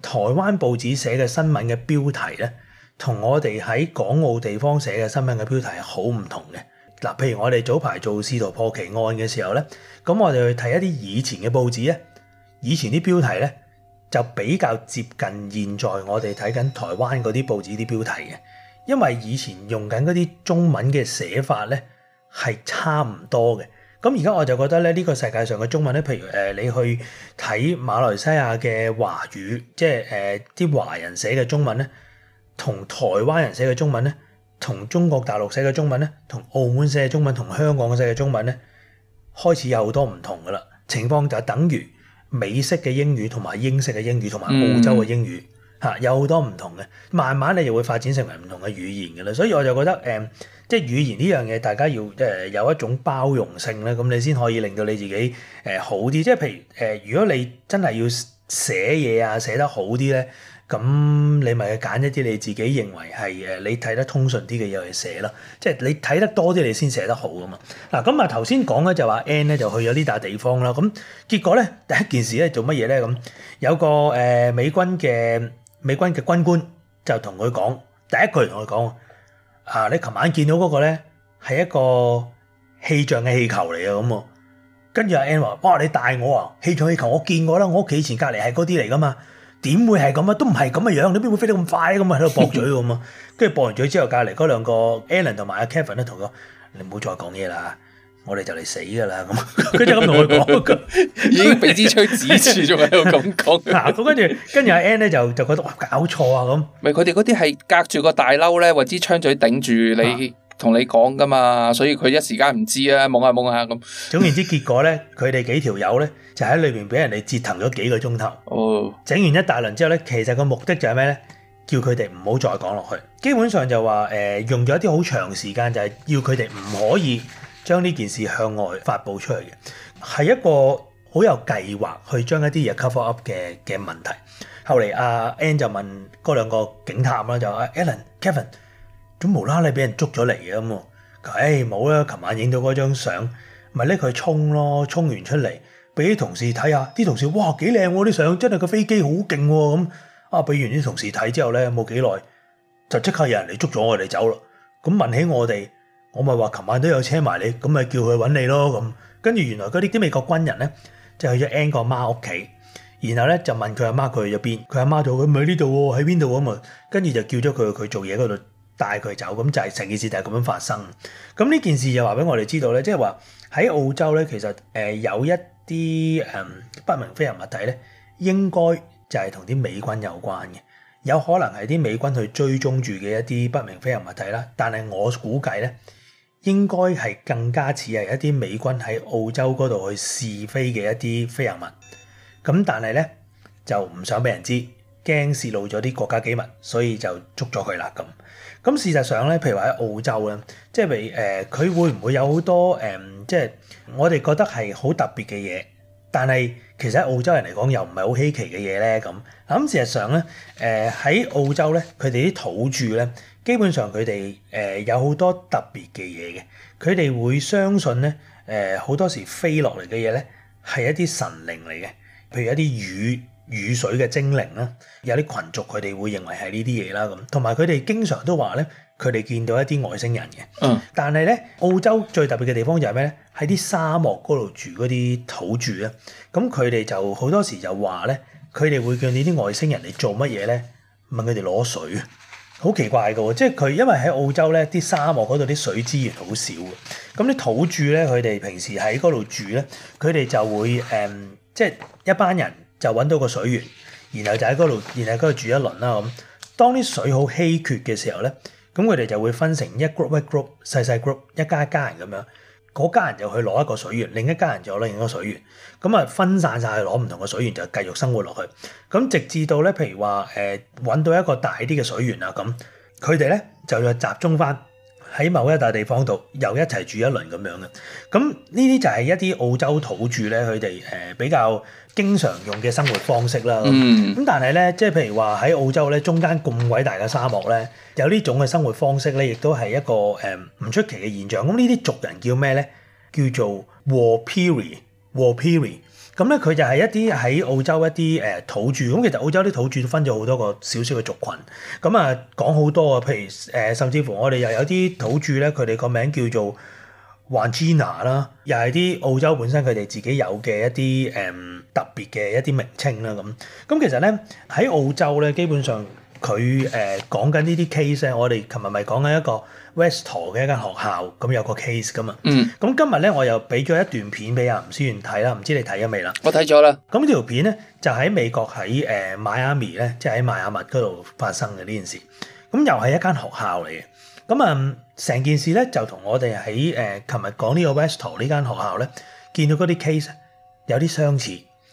台灣報紙寫嘅新聞嘅標題咧，同我哋喺港澳地方寫嘅新聞嘅標題係好唔同嘅。嗱，譬如我哋早排做試圖破奇案嘅時候咧，咁我哋去睇一啲以前嘅報紙咧，以前啲標題咧，就比較接近現在我哋睇緊台灣嗰啲報紙啲標題嘅，因為以前用緊嗰啲中文嘅寫法咧係差唔多嘅。咁而家我就覺得咧，呢個世界上嘅中文咧，譬如誒你去睇馬來西亞嘅華語，即係誒啲華人寫嘅中文咧，同台灣人寫嘅中文咧，同中國大陸寫嘅中文咧，同澳門寫嘅中文同香港嘅寫嘅中文咧，開始有好多唔同噶啦，情況就等於。美式嘅英語同埋英式嘅英語同埋澳洲嘅英語嚇、嗯、有好多唔同嘅，慢慢你就會發展成為唔同嘅語言嘅啦。所以我就覺得誒、呃，即係語言呢樣嘢，大家要誒有一種包容性咧，咁你先可以令到你自己誒、呃、好啲。即係譬如誒、呃，如果你真係要寫嘢啊，寫得好啲咧。咁你咪揀一啲你自己認為係誒你睇得通順啲嘅嘢去寫咯，即係你睇得多啲，你先寫得好噶嘛。嗱咁啊，頭先講咧就話 N 咧就去咗呢笪地方啦，咁結果咧第一件事咧做乜嘢咧咁？有個誒美軍嘅美軍嘅軍官就同佢講，第一句同佢講啊，你琴晚見到嗰個咧係一個氣象嘅氣球嚟嘅咁喎。跟住阿 N 話：哇！你帶我啊，氣象氣球我見過啦，我屋企以前隔離係嗰啲嚟噶嘛。點會係咁啊？都唔係咁嘅樣，你邊會飛得咁快啊？咁啊喺度駁嘴咁啊，跟住駁完嘴之後，隔離嗰兩個 Alan 同埋阿 Kevin 咧同佢講：你唔好再講嘢啦，我哋就嚟死㗎啦！咁佢 就咁同佢講，已經俾支槍指住，仲喺度咁講。 咁跟住跟住阿 Ann 咧就就覺得哇搞錯啊咁。咪佢哋嗰啲係隔住個大褸咧，或支槍嘴頂住你。同你講㗎嘛，所以佢一時間唔知啦，懵下懵下咁。總言之，結果咧，佢哋幾條友咧就喺裏邊俾人哋折騰咗幾個鐘頭。哦，oh。整完一大輪之後咧，其實個目的就係咩咧？叫佢哋唔好再講落去。基本上就話誒、呃，用咗一啲好長時間，就係要佢哋唔可以將呢件事向外發佈出去嘅，係一個好有計劃去將一啲嘢 cover up 嘅嘅問題。後嚟阿、啊、Ann 就問嗰兩個警探啦，就阿 Ellen、Alan, Kevin。咁無啦啦俾人捉咗嚟嘅咁，佢誒冇啦，琴晚影到嗰張相，咪拎佢沖咯，沖完出嚟俾啲同事睇下，啲同事哇幾靚喎啲相，真係個飛機好勁喎咁，啊俾完啲同事睇之後咧，冇幾耐就即刻有人嚟捉咗我哋走啦，咁問起我哋，我咪話琴晚都有車埋你，咁咪叫佢揾你咯咁，跟住原來嗰啲啲美國軍人咧就去咗 n g 個阿媽屋企，然後咧就問佢阿媽佢去咗邊，佢阿媽就佢唔喺呢度喺邊度啊嘛，跟住就叫咗佢去做嘢度。帶佢走咁就係成件事，就係咁樣發生。咁呢件事就話俾我哋知道咧，即係話喺澳洲咧，其實誒有一啲誒不明飛行物體咧，應該就係同啲美軍有關嘅，有可能係啲美軍去追蹤住嘅一啲不明飛行物體啦。但係我估計咧，應該係更加似係一啲美軍喺澳洲嗰度去試飛嘅一啲飛行物。咁但係咧就唔想俾人知，驚泄露咗啲國家機密，所以就捉咗佢啦咁。咁事實上咧，譬如話喺澳洲咧，即係誒，佢會唔會有好多誒，即係我哋覺得係好特別嘅嘢，但係其實喺澳洲人嚟講又唔係好稀奇嘅嘢咧咁。咁事實上咧，誒喺澳洲咧，佢哋啲土著咧，基本上佢哋誒有好多特別嘅嘢嘅，佢哋會相信咧，誒好多時飛落嚟嘅嘢咧係一啲神靈嚟嘅，譬如一啲魚。雨水嘅精靈啦，有啲群族佢哋會認為係呢啲嘢啦咁，同埋佢哋經常都話咧，佢哋見到一啲外星人嘅。嗯，但係咧，澳洲最特別嘅地方就係咩咧？喺啲沙漠嗰度住嗰啲土著咧，咁佢哋就好多時就話咧，佢哋會叫呢啲外星人嚟做乜嘢咧？問佢哋攞水，好奇怪㗎喎！即係佢因為喺澳洲咧，啲沙漠嗰度啲水資源好少嘅，咁啲土著咧，佢哋平時喺嗰度住咧，佢哋就會誒，即係一班人。就揾到個水源，然後就喺嗰度，然後度住一輪啦咁。當啲水好稀缺嘅時候咧，咁佢哋就會分成一 group、一 group、細細 group，一家一家人咁樣，嗰家人就去攞一個水源，另一家人就攞另一個水源，咁啊分散晒去攞唔同嘅水源，就繼續生活落去。咁直至到咧，譬如話誒揾到一個大啲嘅水源啊咁，佢哋咧就又集中翻。喺某一笪地方度又一齊住一輪咁樣嘅。咁呢啲就係一啲澳洲土著咧，佢哋誒比較經常用嘅生活方式啦。咁、嗯、但係咧，即係譬如話喺澳洲咧，中間咁鬼大嘅沙漠咧，有呢種嘅生活方式咧，亦都係一個誒唔出奇嘅現象。咁呢啲族人叫咩咧？叫做 Warlpiri Warlpiri。咁咧，佢就係一啲喺澳洲一啲誒土著，咁其實澳洲啲土著都分咗好多個小小嘅族群，咁啊講好多啊，譬如誒，甚至乎我哋又有啲土著咧，佢哋個名叫做 Wangina 啦，又係啲澳洲本身佢哋自己有嘅一啲誒、嗯、特別嘅一啲名稱啦咁。咁其實咧喺澳洲咧，基本上佢誒講緊呢啲 case 咧，我哋琴日咪講緊一個 Westall 嘅一間學校咁有個 case 噶嘛，咁、嗯、今日咧我又俾咗一段片俾阿吳思源睇啦，唔知，知你睇咗未啦？我睇咗啦。咁呢條片咧就喺美國喺誒 m i a 咧，呃、Miami，即喺邁阿密嗰度發生嘅呢件事，咁又係一間學校嚟嘅。咁、嗯、啊，成件事咧就同我哋喺誒琴日講呢個 Westall 呢間學校咧見到嗰啲 case 有啲相似。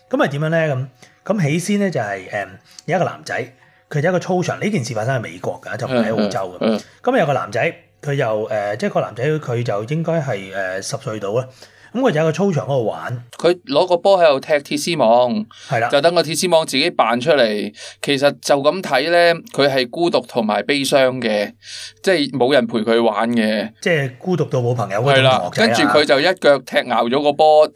咁啊點樣咧咁？咁起先咧就係、是、誒、呃、有一個男仔，佢喺一個操場，呢件事發生喺美國㗎，就唔喺澳洲㗎。咁、嗯嗯嗯、有個男仔。佢又誒、呃，即係個男仔，佢就應該係誒十歲到啦。咁佢就喺個操場嗰度玩，佢攞個波喺度踢鐵絲網，係啦的，就等個鐵絲網自己扮出嚟。其實就咁睇咧，佢係孤獨同埋悲傷嘅，即係冇人陪佢玩嘅，即係孤獨到冇朋友嗰種係啦，的跟住佢就一腳踢咬咗個波，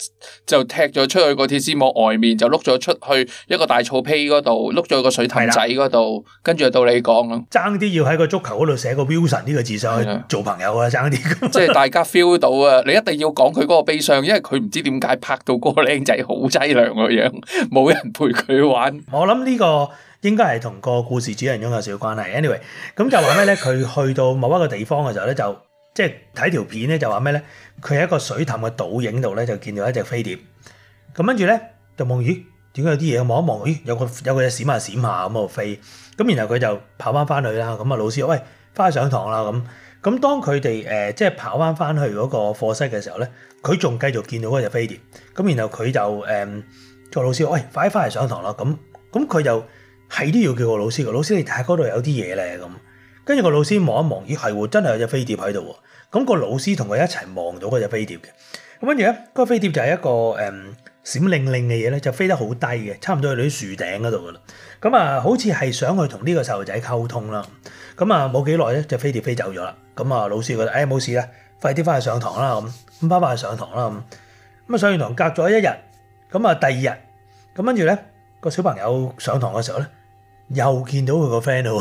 就踢咗出去個鐵絲網外面，就碌咗出去一個大草皮嗰度，碌咗個水氹仔嗰度，的跟住就到你講，爭啲要喺個足球嗰度寫個 Wilson 呢個字上去做朋友啊，爭啲。即係大家 feel 到啊，你一定要講佢嗰個悲。上，因為佢唔知點解拍到個靚仔好淒涼個樣，冇人陪佢玩。我諗呢個應該係同個故事主人翁有少少關係。anyway，咁就話咩咧？佢 去到某一個地方嘅時候咧，就即係睇條片咧，就話咩咧？佢喺一個水潭嘅倒影度咧，就見到一隻飛碟。咁跟住咧就望，咦，點解有啲嘢？望一望，咦，有個有個嘢閃下閃下咁喺度飛。咁然後佢就跑翻翻去啦。咁啊老師，喂，翻去上堂啦咁。咁當佢哋誒即係跑返返去嗰個課室嘅時候咧，佢仲繼續見到嗰隻飛碟。咁然後佢就誒個、嗯老，哎、老師，喂快啲返嚟上堂啦！咁咁佢就係都要叫個老師嘅。老師你睇下嗰度有啲嘢咧咁。跟住個老師望一望，咦係喎，真係有隻飛碟喺度喎。咁個老師同佢一齊望到嗰隻飛碟嘅。咁跟住咧，嗰、嗰個、飛碟就係一個誒、嗯、閃令令嘅嘢咧，就飛得好低嘅，差唔多去到啲樹頂嗰度啦。咁啊、嗯，好似係想去同呢個細路仔溝通啦。咁、嗯、啊，冇幾耐咧，隻飛碟飛走咗啦。咁、嗯、啊，老師覺得，哎冇事啦，快啲翻去上堂啦咁，咁翻翻去上堂啦咁。咁、嗯、啊，上完堂隔咗一日，咁、嗯、啊第二日，咁跟住咧，個小朋友上堂嘅時候咧，又見到佢個 friend 喎，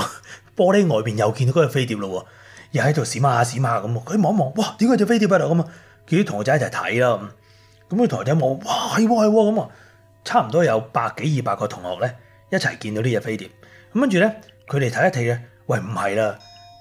玻璃外邊又見到嗰隻飛碟咯喎，又喺度閃下閃下咁。佢望一望，哇，點解隻飛碟喺度咁啊？叫、嗯、啲同學仔一齊睇啦。咁、嗯、佢同學仔望，哇，係喎係喎咁啊，差唔多有百幾二百個同學咧。一齊見到呢隻飛碟，咁跟住咧，佢哋睇一睇咧，喂唔係啦，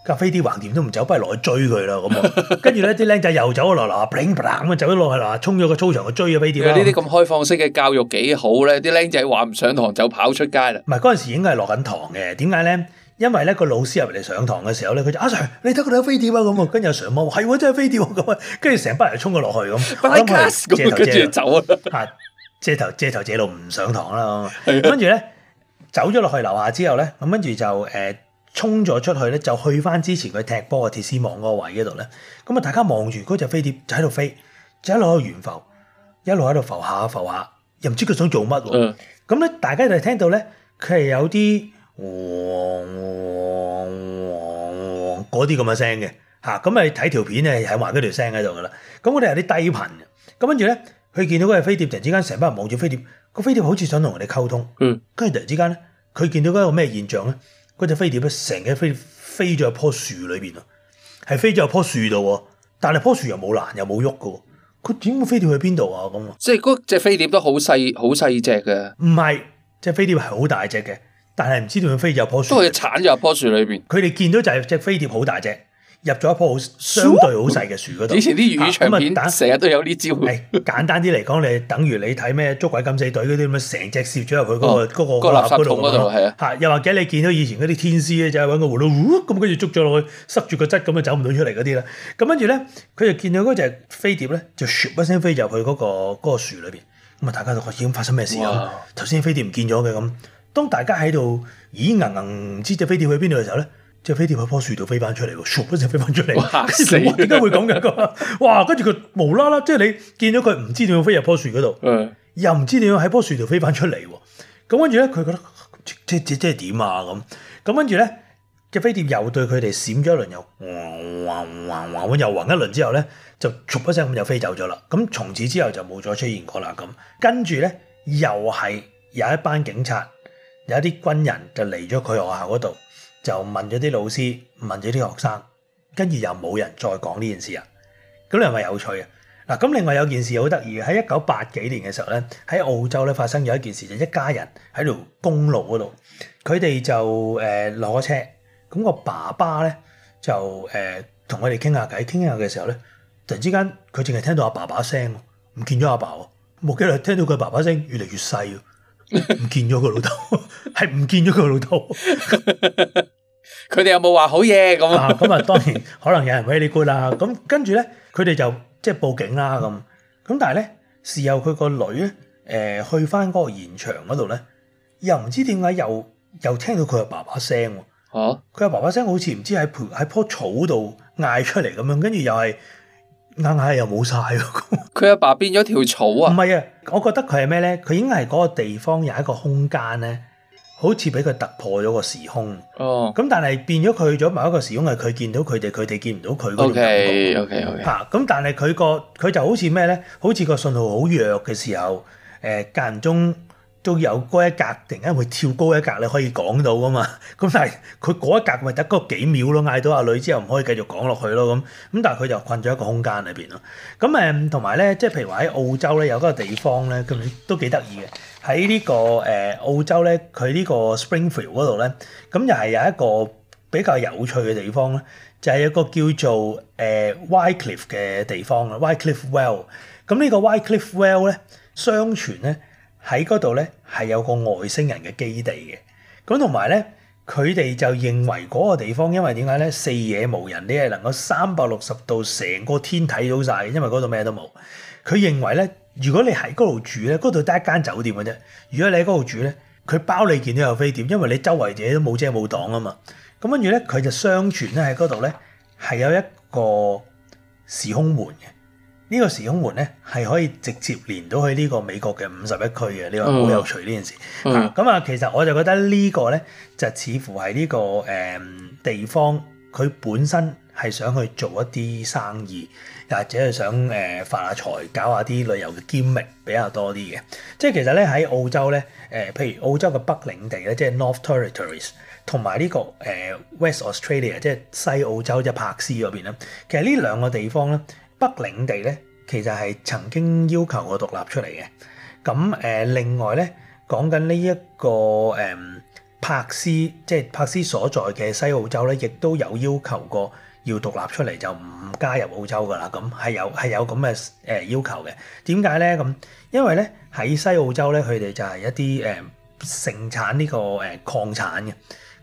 架飛碟橫掂都唔走，不如落去追佢啦。咁跟住咧，啲僆仔又走咗落嚟啦 p 咁啊，走咗落去啦，衝咗個操場去追咗飛碟。呢啲咁開放式嘅教育幾好咧？啲僆仔話唔上堂就跑出街啦。唔係嗰陣時應該係落緊堂嘅，點解咧？因為咧，個老師入嚟上堂嘅時候咧，佢就啊 Sir，你睇佢哋睇飛碟啊。咁跟住阿 Sir 望，係喎真係飛碟咁啊，跟住成班人就衝咗落去咁，翻跟住走啊，借 頭借 頭借路唔上堂啦，跟住咧。 走咗落去樓下之後咧，咁跟住就誒衝咗出去咧，就去返之前佢踢波嘅鐵絲網嗰個位嗰度咧。咁啊，大家望住嗰隻飛碟就喺度飛，就一路喺度懸浮，一路喺度浮下浮下，又唔知佢想做乜喎。咁咧、嗯嗯，大家就聽到咧，佢係有啲嗰啲咁嘅聲嘅嚇。咁、嗯、啊，睇條片咧係話嗰條聲喺度噶啦。咁我哋有啲低頻咁跟住咧。佢見到嗰隻飛碟，突然之間成班人望住飛碟，個飛碟好似想同我哋溝通。嗯，跟住突然之間咧，佢見到嗰個咩現象咧？嗰隻飛碟咧，成嘅飛飛咗入樖樹裏邊咯，係飛咗入樖樹度喎。但係樖樹又冇爛，又冇喐㗎。佢點會飛到去邊度啊？咁即係嗰隻飛碟都好細，好細隻嘅。唔係，隻飛碟係好大隻嘅，但係唔知點解飛咗入樖樹。都係鏟咗入樖樹裏邊。佢哋見到就係隻飛碟好大隻。入咗一棵好相對好細嘅樹嗰度，以前啲粵語長片，成日都有呢招。係簡單啲嚟講，你等於你睇咩捉鬼敢死隊嗰啲咁，成隻攝咗入去嗰個嗰個罅嗰度。係啊，又或者你見到以前嗰啲天師咧，就搵個葫蘆咁，跟住捉咗落去塞住個窒，咁啊走唔到出嚟嗰啲咧。咁跟住咧，佢就見到嗰隻飛碟咧，就咻一聲飛入去嗰個嗰個樹裏邊。咁啊，大家就已經發生咩事咯？頭先飛碟唔見咗嘅咁，當大家喺度咦，硬硬唔知隻飛碟去邊度嘅時候咧？隻飛碟喺樖樹度飛翻出嚟，唰一聲飛翻出嚟，點解會咁嘅？哇！跟住佢無啦啦，就是即係你見咗佢唔知點樣飛入樖樹嗰度，又唔知點樣喺樖樹度飛翻出嚟。咁跟住咧，佢覺得即係即係點啊？咁咁跟住咧，隻飛碟又對佢哋閃咗一輪，又橫橫橫，又橫一輪之後咧，就唰一聲咁又飛走咗啦。咁從此之後就冇再出現過啦。咁跟住咧，又係有一班警察，有一啲軍人就嚟咗佢學校嗰度。就問咗啲老師，問咗啲學生，跟住又冇人再講呢件事啊！咁你係咪有趣啊？嗱，咁另外有件事好得意嘅，喺一九八幾年嘅時候咧，喺澳洲咧發生咗一件事，就一家人喺條公路嗰度，佢哋就誒落咗、呃、車，咁個爸爸咧就誒同佢哋傾下偈，傾下嘅時候咧，突然之間佢淨係聽到阿爸爸聲，唔見咗阿爸喎，冇幾耐聽到佢爸爸，爸，爸聲越嚟越細。唔見咗個老豆，係唔見咗個老豆。佢哋有冇話好嘢咁啊？咁 啊，當然可能有人搲你骨啦。咁跟住咧，佢哋就即係報警啦。咁咁但係咧，事後佢個女咧，誒、呃，去翻嗰個現場嗰度咧，又唔知點解又又聽到佢阿爸爸聲。吓、啊，佢阿爸爸聲好似唔知喺棵喺棵草度嗌出嚟咁樣，跟住又係。硬硬又冇晒，佢 阿爸，爸變咗條草啊！唔係啊，我覺得佢係咩咧？佢應該係嗰個地方有一個空間咧，好似俾佢突破咗個時空哦。咁但係變咗佢去咗某一個時空，係佢見到佢哋，佢哋見唔到佢。Okay, 咁 okay , okay. 啊，但係佢個佢就好似咩咧？好似個信號好弱嘅時候，誒間唔中。都有嗰一格，突然間會跳高一格，你可以講到噶嘛？咁 但係佢嗰一格咪得嗰幾秒咯，嗌到阿女之後唔可以繼續講落去咯咁。咁但係佢就困咗一個空間裏邊咯。咁誒，同埋咧，即係譬如話喺澳洲咧，有嗰個地方咧，咁都幾得意嘅。喺呢、這個誒、呃、澳洲咧，佢呢個 Springfield 嗰度咧，咁又係有一個比較有趣嘅地方咧，就係、是、有個叫做誒、呃、Wycliffe 嘅地方啦 Wycliffe Well。咁、well、呢個 Wycliffe Well 咧，相傳咧。喺嗰度咧係有個外星人嘅基地嘅，咁同埋咧佢哋就認為嗰個地方，因為點解咧，四野無人，你係能夠三百六十度成個天睇到晒，因為嗰度咩都冇。佢認為咧，如果你喺嗰度住咧，嗰度得一間酒店嘅啫。如果你喺嗰度住咧，佢包你見到有飛碟，因為你周圍自己都冇遮冇擋啊嘛。咁跟住咧，佢就相傳咧喺嗰度咧係有一個時空門嘅。呢個時空門咧係可以直接連到去呢個美國嘅五十一區嘅，呢、這個好有趣呢件事。咁啊、mm hmm. 嗯，其實我就覺得個呢個咧就似乎係呢、這個誒、呃、地方佢本身係想去做一啲生意，又或者係想誒、呃、發下財，搞一下啲旅遊嘅兼職比較多啲嘅。即係其實咧喺澳洲咧，誒、呃、譬如澳洲嘅北領地咧，即係 North Territories，同埋、這、呢個誒、呃、West Australia，即係西澳洲即係珀斯嗰邊咧，其實呢兩個地方咧。北領地咧，其實係曾經要求過獨立出嚟嘅。咁誒，另外咧，講緊呢一個誒柏斯，即係柏斯所在嘅西澳洲咧，亦都有要求過要獨立出嚟，就唔加入澳洲噶啦。咁係有係有咁嘅誒要求嘅。點解咧？咁因為咧喺西澳洲咧，佢哋就係一啲誒盛產呢個誒礦產嘅。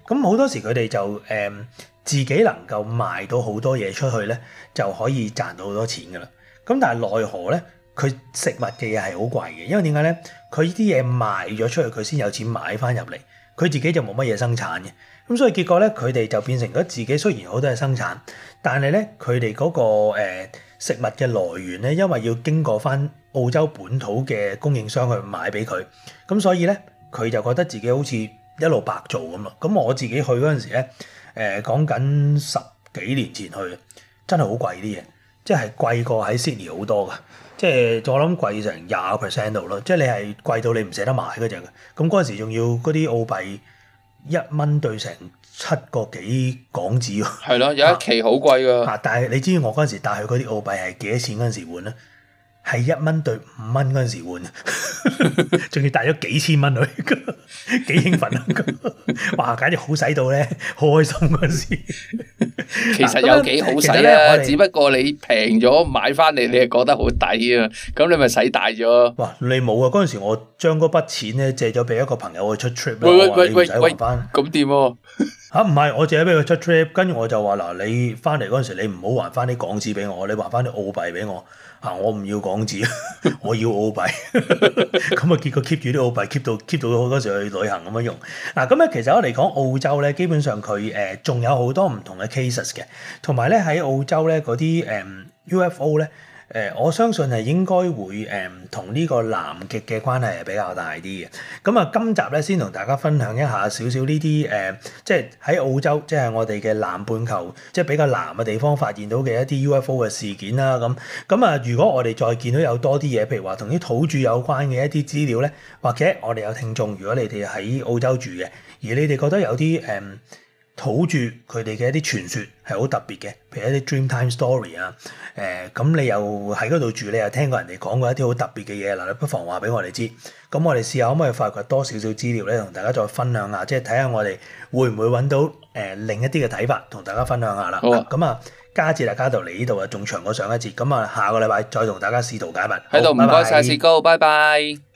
咁好多時佢哋就誒。嗯自己能夠賣到好多嘢出去咧，就可以賺到好多錢噶啦。咁但係奈何咧，佢食物嘅嘢係好貴嘅，因為點解咧？佢啲嘢賣咗出去，佢先有錢買翻入嚟。佢自己就冇乜嘢生產嘅。咁所以結果咧，佢哋就變成咗自己雖然好多嘢生產，但係咧佢哋嗰個、呃、食物嘅來源咧，因為要經過翻澳洲本土嘅供應商去買俾佢，咁所以咧佢就覺得自己好似一路白做咁咯。咁我自己去嗰陣時咧。誒講緊十幾年前去，真係好貴啲嘢，即係貴過喺 Sydney 好多噶，即係我諗貴成廿 percent 度咯，即係你係貴到你唔捨得買嗰隻嘅。咁嗰陣時仲要嗰啲澳幣一蚊兌成七個幾港紙喎。係咯，有一期好貴㗎。啊！ 但係你知我嗰陣時帶去嗰啲澳幣係幾多錢嗰陣時換咧？係一蚊兌五蚊嗰陣時換，仲要帶咗幾千蚊去，幾 興奮啊！ 哇，簡直好使到咧，開心嗰時。 其實有幾好使啊！只不過你平咗買翻嚟，你係覺得好抵啊！咁你咪使大咗。哇！你冇啊？嗰陣時我將嗰筆錢咧，借咗俾一個朋友去出 trip 喂，喂，喂，喂，你唔使還翻。咁點啊？吓，唔係我借咗俾佢出 trip，跟住我就話嗱，你翻嚟嗰陣時你唔好還翻啲港紙俾我，你還翻啲澳幣俾我。啊！我唔要港紙， 我要澳幣。咁啊，結果 keep 住啲澳幣，keep 到 keep 到好多時去旅行咁樣用。嗱、啊，咁咧其實我嚟講澳洲咧，基本上佢誒仲有好多唔同嘅 cases 嘅，同埋咧喺澳洲咧嗰啲誒 UFO 咧。誒，我相信係應該會誒，同呢個南極嘅關係係比較大啲嘅。咁啊，今集咧先同大家分享一下少少呢啲誒，即係喺澳洲，即係我哋嘅南半球，即係比較南嘅地方發現到嘅一啲 UFO 嘅事件啦。咁咁啊，如果我哋再見到有多啲嘢，譬如話同啲土著有關嘅一啲資料咧，或者我哋有聽眾，如果你哋喺澳洲住嘅，而你哋覺得有啲誒。嗯土著佢哋嘅一啲傳說係好特別嘅，譬如一啲 dreamtime story 啊、呃，誒咁你又喺嗰度住你又聽過人哋講過一啲好特別嘅嘢，嗱你不妨話俾我哋知，咁我哋試下可唔可以發掘多少少資料咧，同大家再分享下，即係睇下我哋會唔會揾到誒、呃、另一啲嘅睇法，同大家分享下啦。咁啊，啊，加節大家就嚟呢度啊，仲長過上一節，咁啊，下個禮拜再同大家試圖解密。喺度唔該曬志高，拜拜。謝謝。